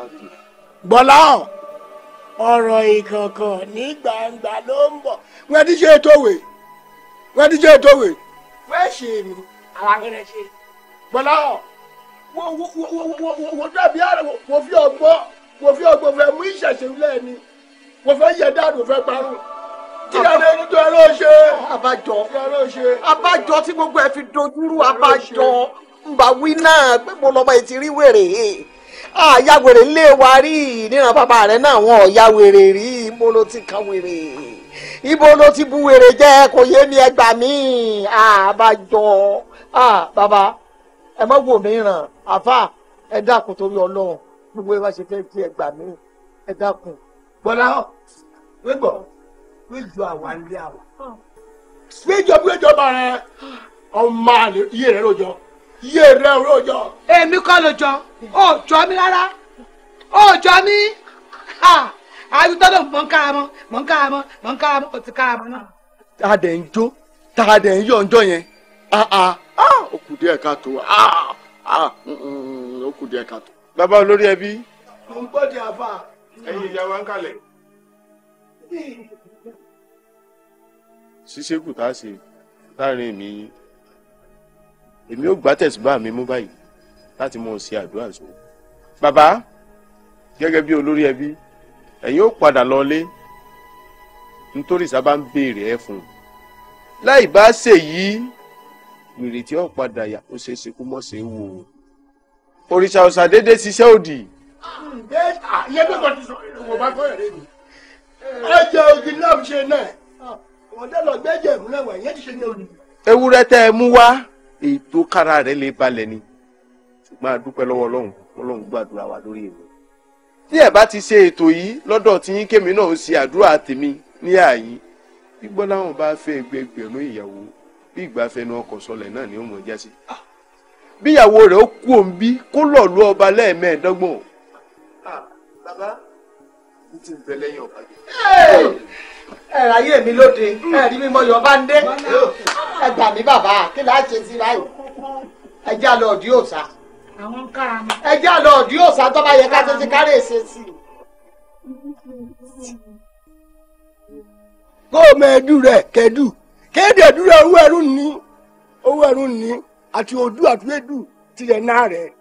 Speaker 4: gbọ́lá ọ̀rọ̀ ìkọ̀kọ̀ ní gbangba ló ń bọ̀ wẹ́n ti ṣe é tòwé wẹ́n ti ṣe é tòwé wẹ́n ṣe é mi àwọn akẹ́rẹ́ ṣe é bọ̀lá ọ̀ wò dàbí àrẹ wò fi ọgbọ́n wò fi ọgbọ́n fẹ́ mú ìṣẹ̀ṣẹ̀ lẹ̀ ni wò fẹ́ yẹ dáàdù fẹ́ parun kíláde níjọ ẹ ló ṣe. abájọ abájọ tí gbogbo ẹ fi
Speaker 2: dojúrú abájọ nbàwí náà pé mo lọ́mọ ètí rí wèrè àyà wèrè lé wa rí níran bàbá rẹ náà wọn ò ya wèrè rí mo ló ti kan wèrè ibo ló ti bu wèrè jẹ kò yé mi ẹgbà mi àbájọ bàbá ẹ má wò mí ràn àfà ẹ dákun torí Ọlọ́run
Speaker 4: gbogbo ẹ bá ṣe fẹ́ kí ẹ gbà mí ẹ dákun. gbọ́dọ̀ wígbọ̀ wíjọ àwa ń lé àwa. wíjọ bí wíjọ bá rẹ ọmọ àlè iye rẹ lójọ iye rẹ lójọ. èmi kọ́ lójọ ó jọ mí rárá
Speaker 2: ó jọ mí àbí tọ́lọ̀ mọ̀ ń kára mọ́ mọ̀ ń kára mọ́ mọ̀ ń kára mọ́ ó ti kára mọ́ náà. tá a dẹ̀ ń jó tá a dẹ̀ ń yọ̀ ń jọ yẹn Ah, ah.
Speaker 4: Ah, ó kù díẹ̀ ká tó mm, mm, ó kù díẹ̀ ká tó. bàbá olórí ẹbí. mo ń gbọ́ di àbá. ẹ̀yin ìyá wa ń kalẹ̀. ṣíṣe kù tá a ṣe láàrin mi èmi ò gbá tẹ̀síbá mi mú báyìí láti mọ̀ ṣe àdúrà sọ. bàbá gẹ́gẹ́ bí olórí ẹbí ẹ̀yin ó padà lọlé nítorí sábà ń béèrè ẹ̀ fún un láì bá ṣèyí wèrè tí ó padà yà ó ṣe é ṣe kó mọ̀ ṣe é wò ó. òrìṣà òṣà déédéé ṣiṣẹ́ òdì. ìyẹn bí wọ́n ti sọ ìrìnàwó bá kọ́ ẹ̀rẹ́ mi. ẹ jẹ ògì náà ṣe náà wọ́n dẹ́ lọ gbẹ́jẹ̀ mú náà wà ìyẹn ti ṣe ní òdì. ewúrẹ́ tẹ́ ẹ mú wá ètò kára rẹ̀ lè balẹ̀ ni ṣùgbọ́n a dúpẹ́ lọ́wọ́ ọlọ́run ọlọ́run gbàdúrà wa lórí èmi. tí ẹ bá ti ṣe ètò yìí lọ́dọ̀ tí yín kémi náà ń ṣe àdúrà tèmi ní ààyè gbígbọ́ láwọn bá fẹ́ ẹgbẹgbẹ̀rún ìyàwó bí ìgbàfẹnu ọkọ̀ sọlẹ̀ náà ni ó mọ̀ já sí. bíyàwó rẹ̀ ó kú òun bí kó lọ lu ọba lẹ́ẹ̀mẹ́ẹ̀ẹ́dọ́gbọ̀n. Ah, bàbá n ti bẹ lẹ́yìn ọba jù.
Speaker 2: ẹ ráyè mi lóde ẹ rí mi mọ yọ bá ń dé ẹ gbà mí bàbá kí láá ṣe sí báyìí ẹ já lọ ọdí òòsà.
Speaker 5: àwọn kára mi. ẹ já lọ ọdí òòsà tó bá yẹ ká tó ti kárè ṣe sí i.
Speaker 4: kó o mọ kéde ìdúró owó ẹrú ni owó ẹrú
Speaker 2: ni àti ojú àtúwédú tilẹ̀ náà rẹ̀.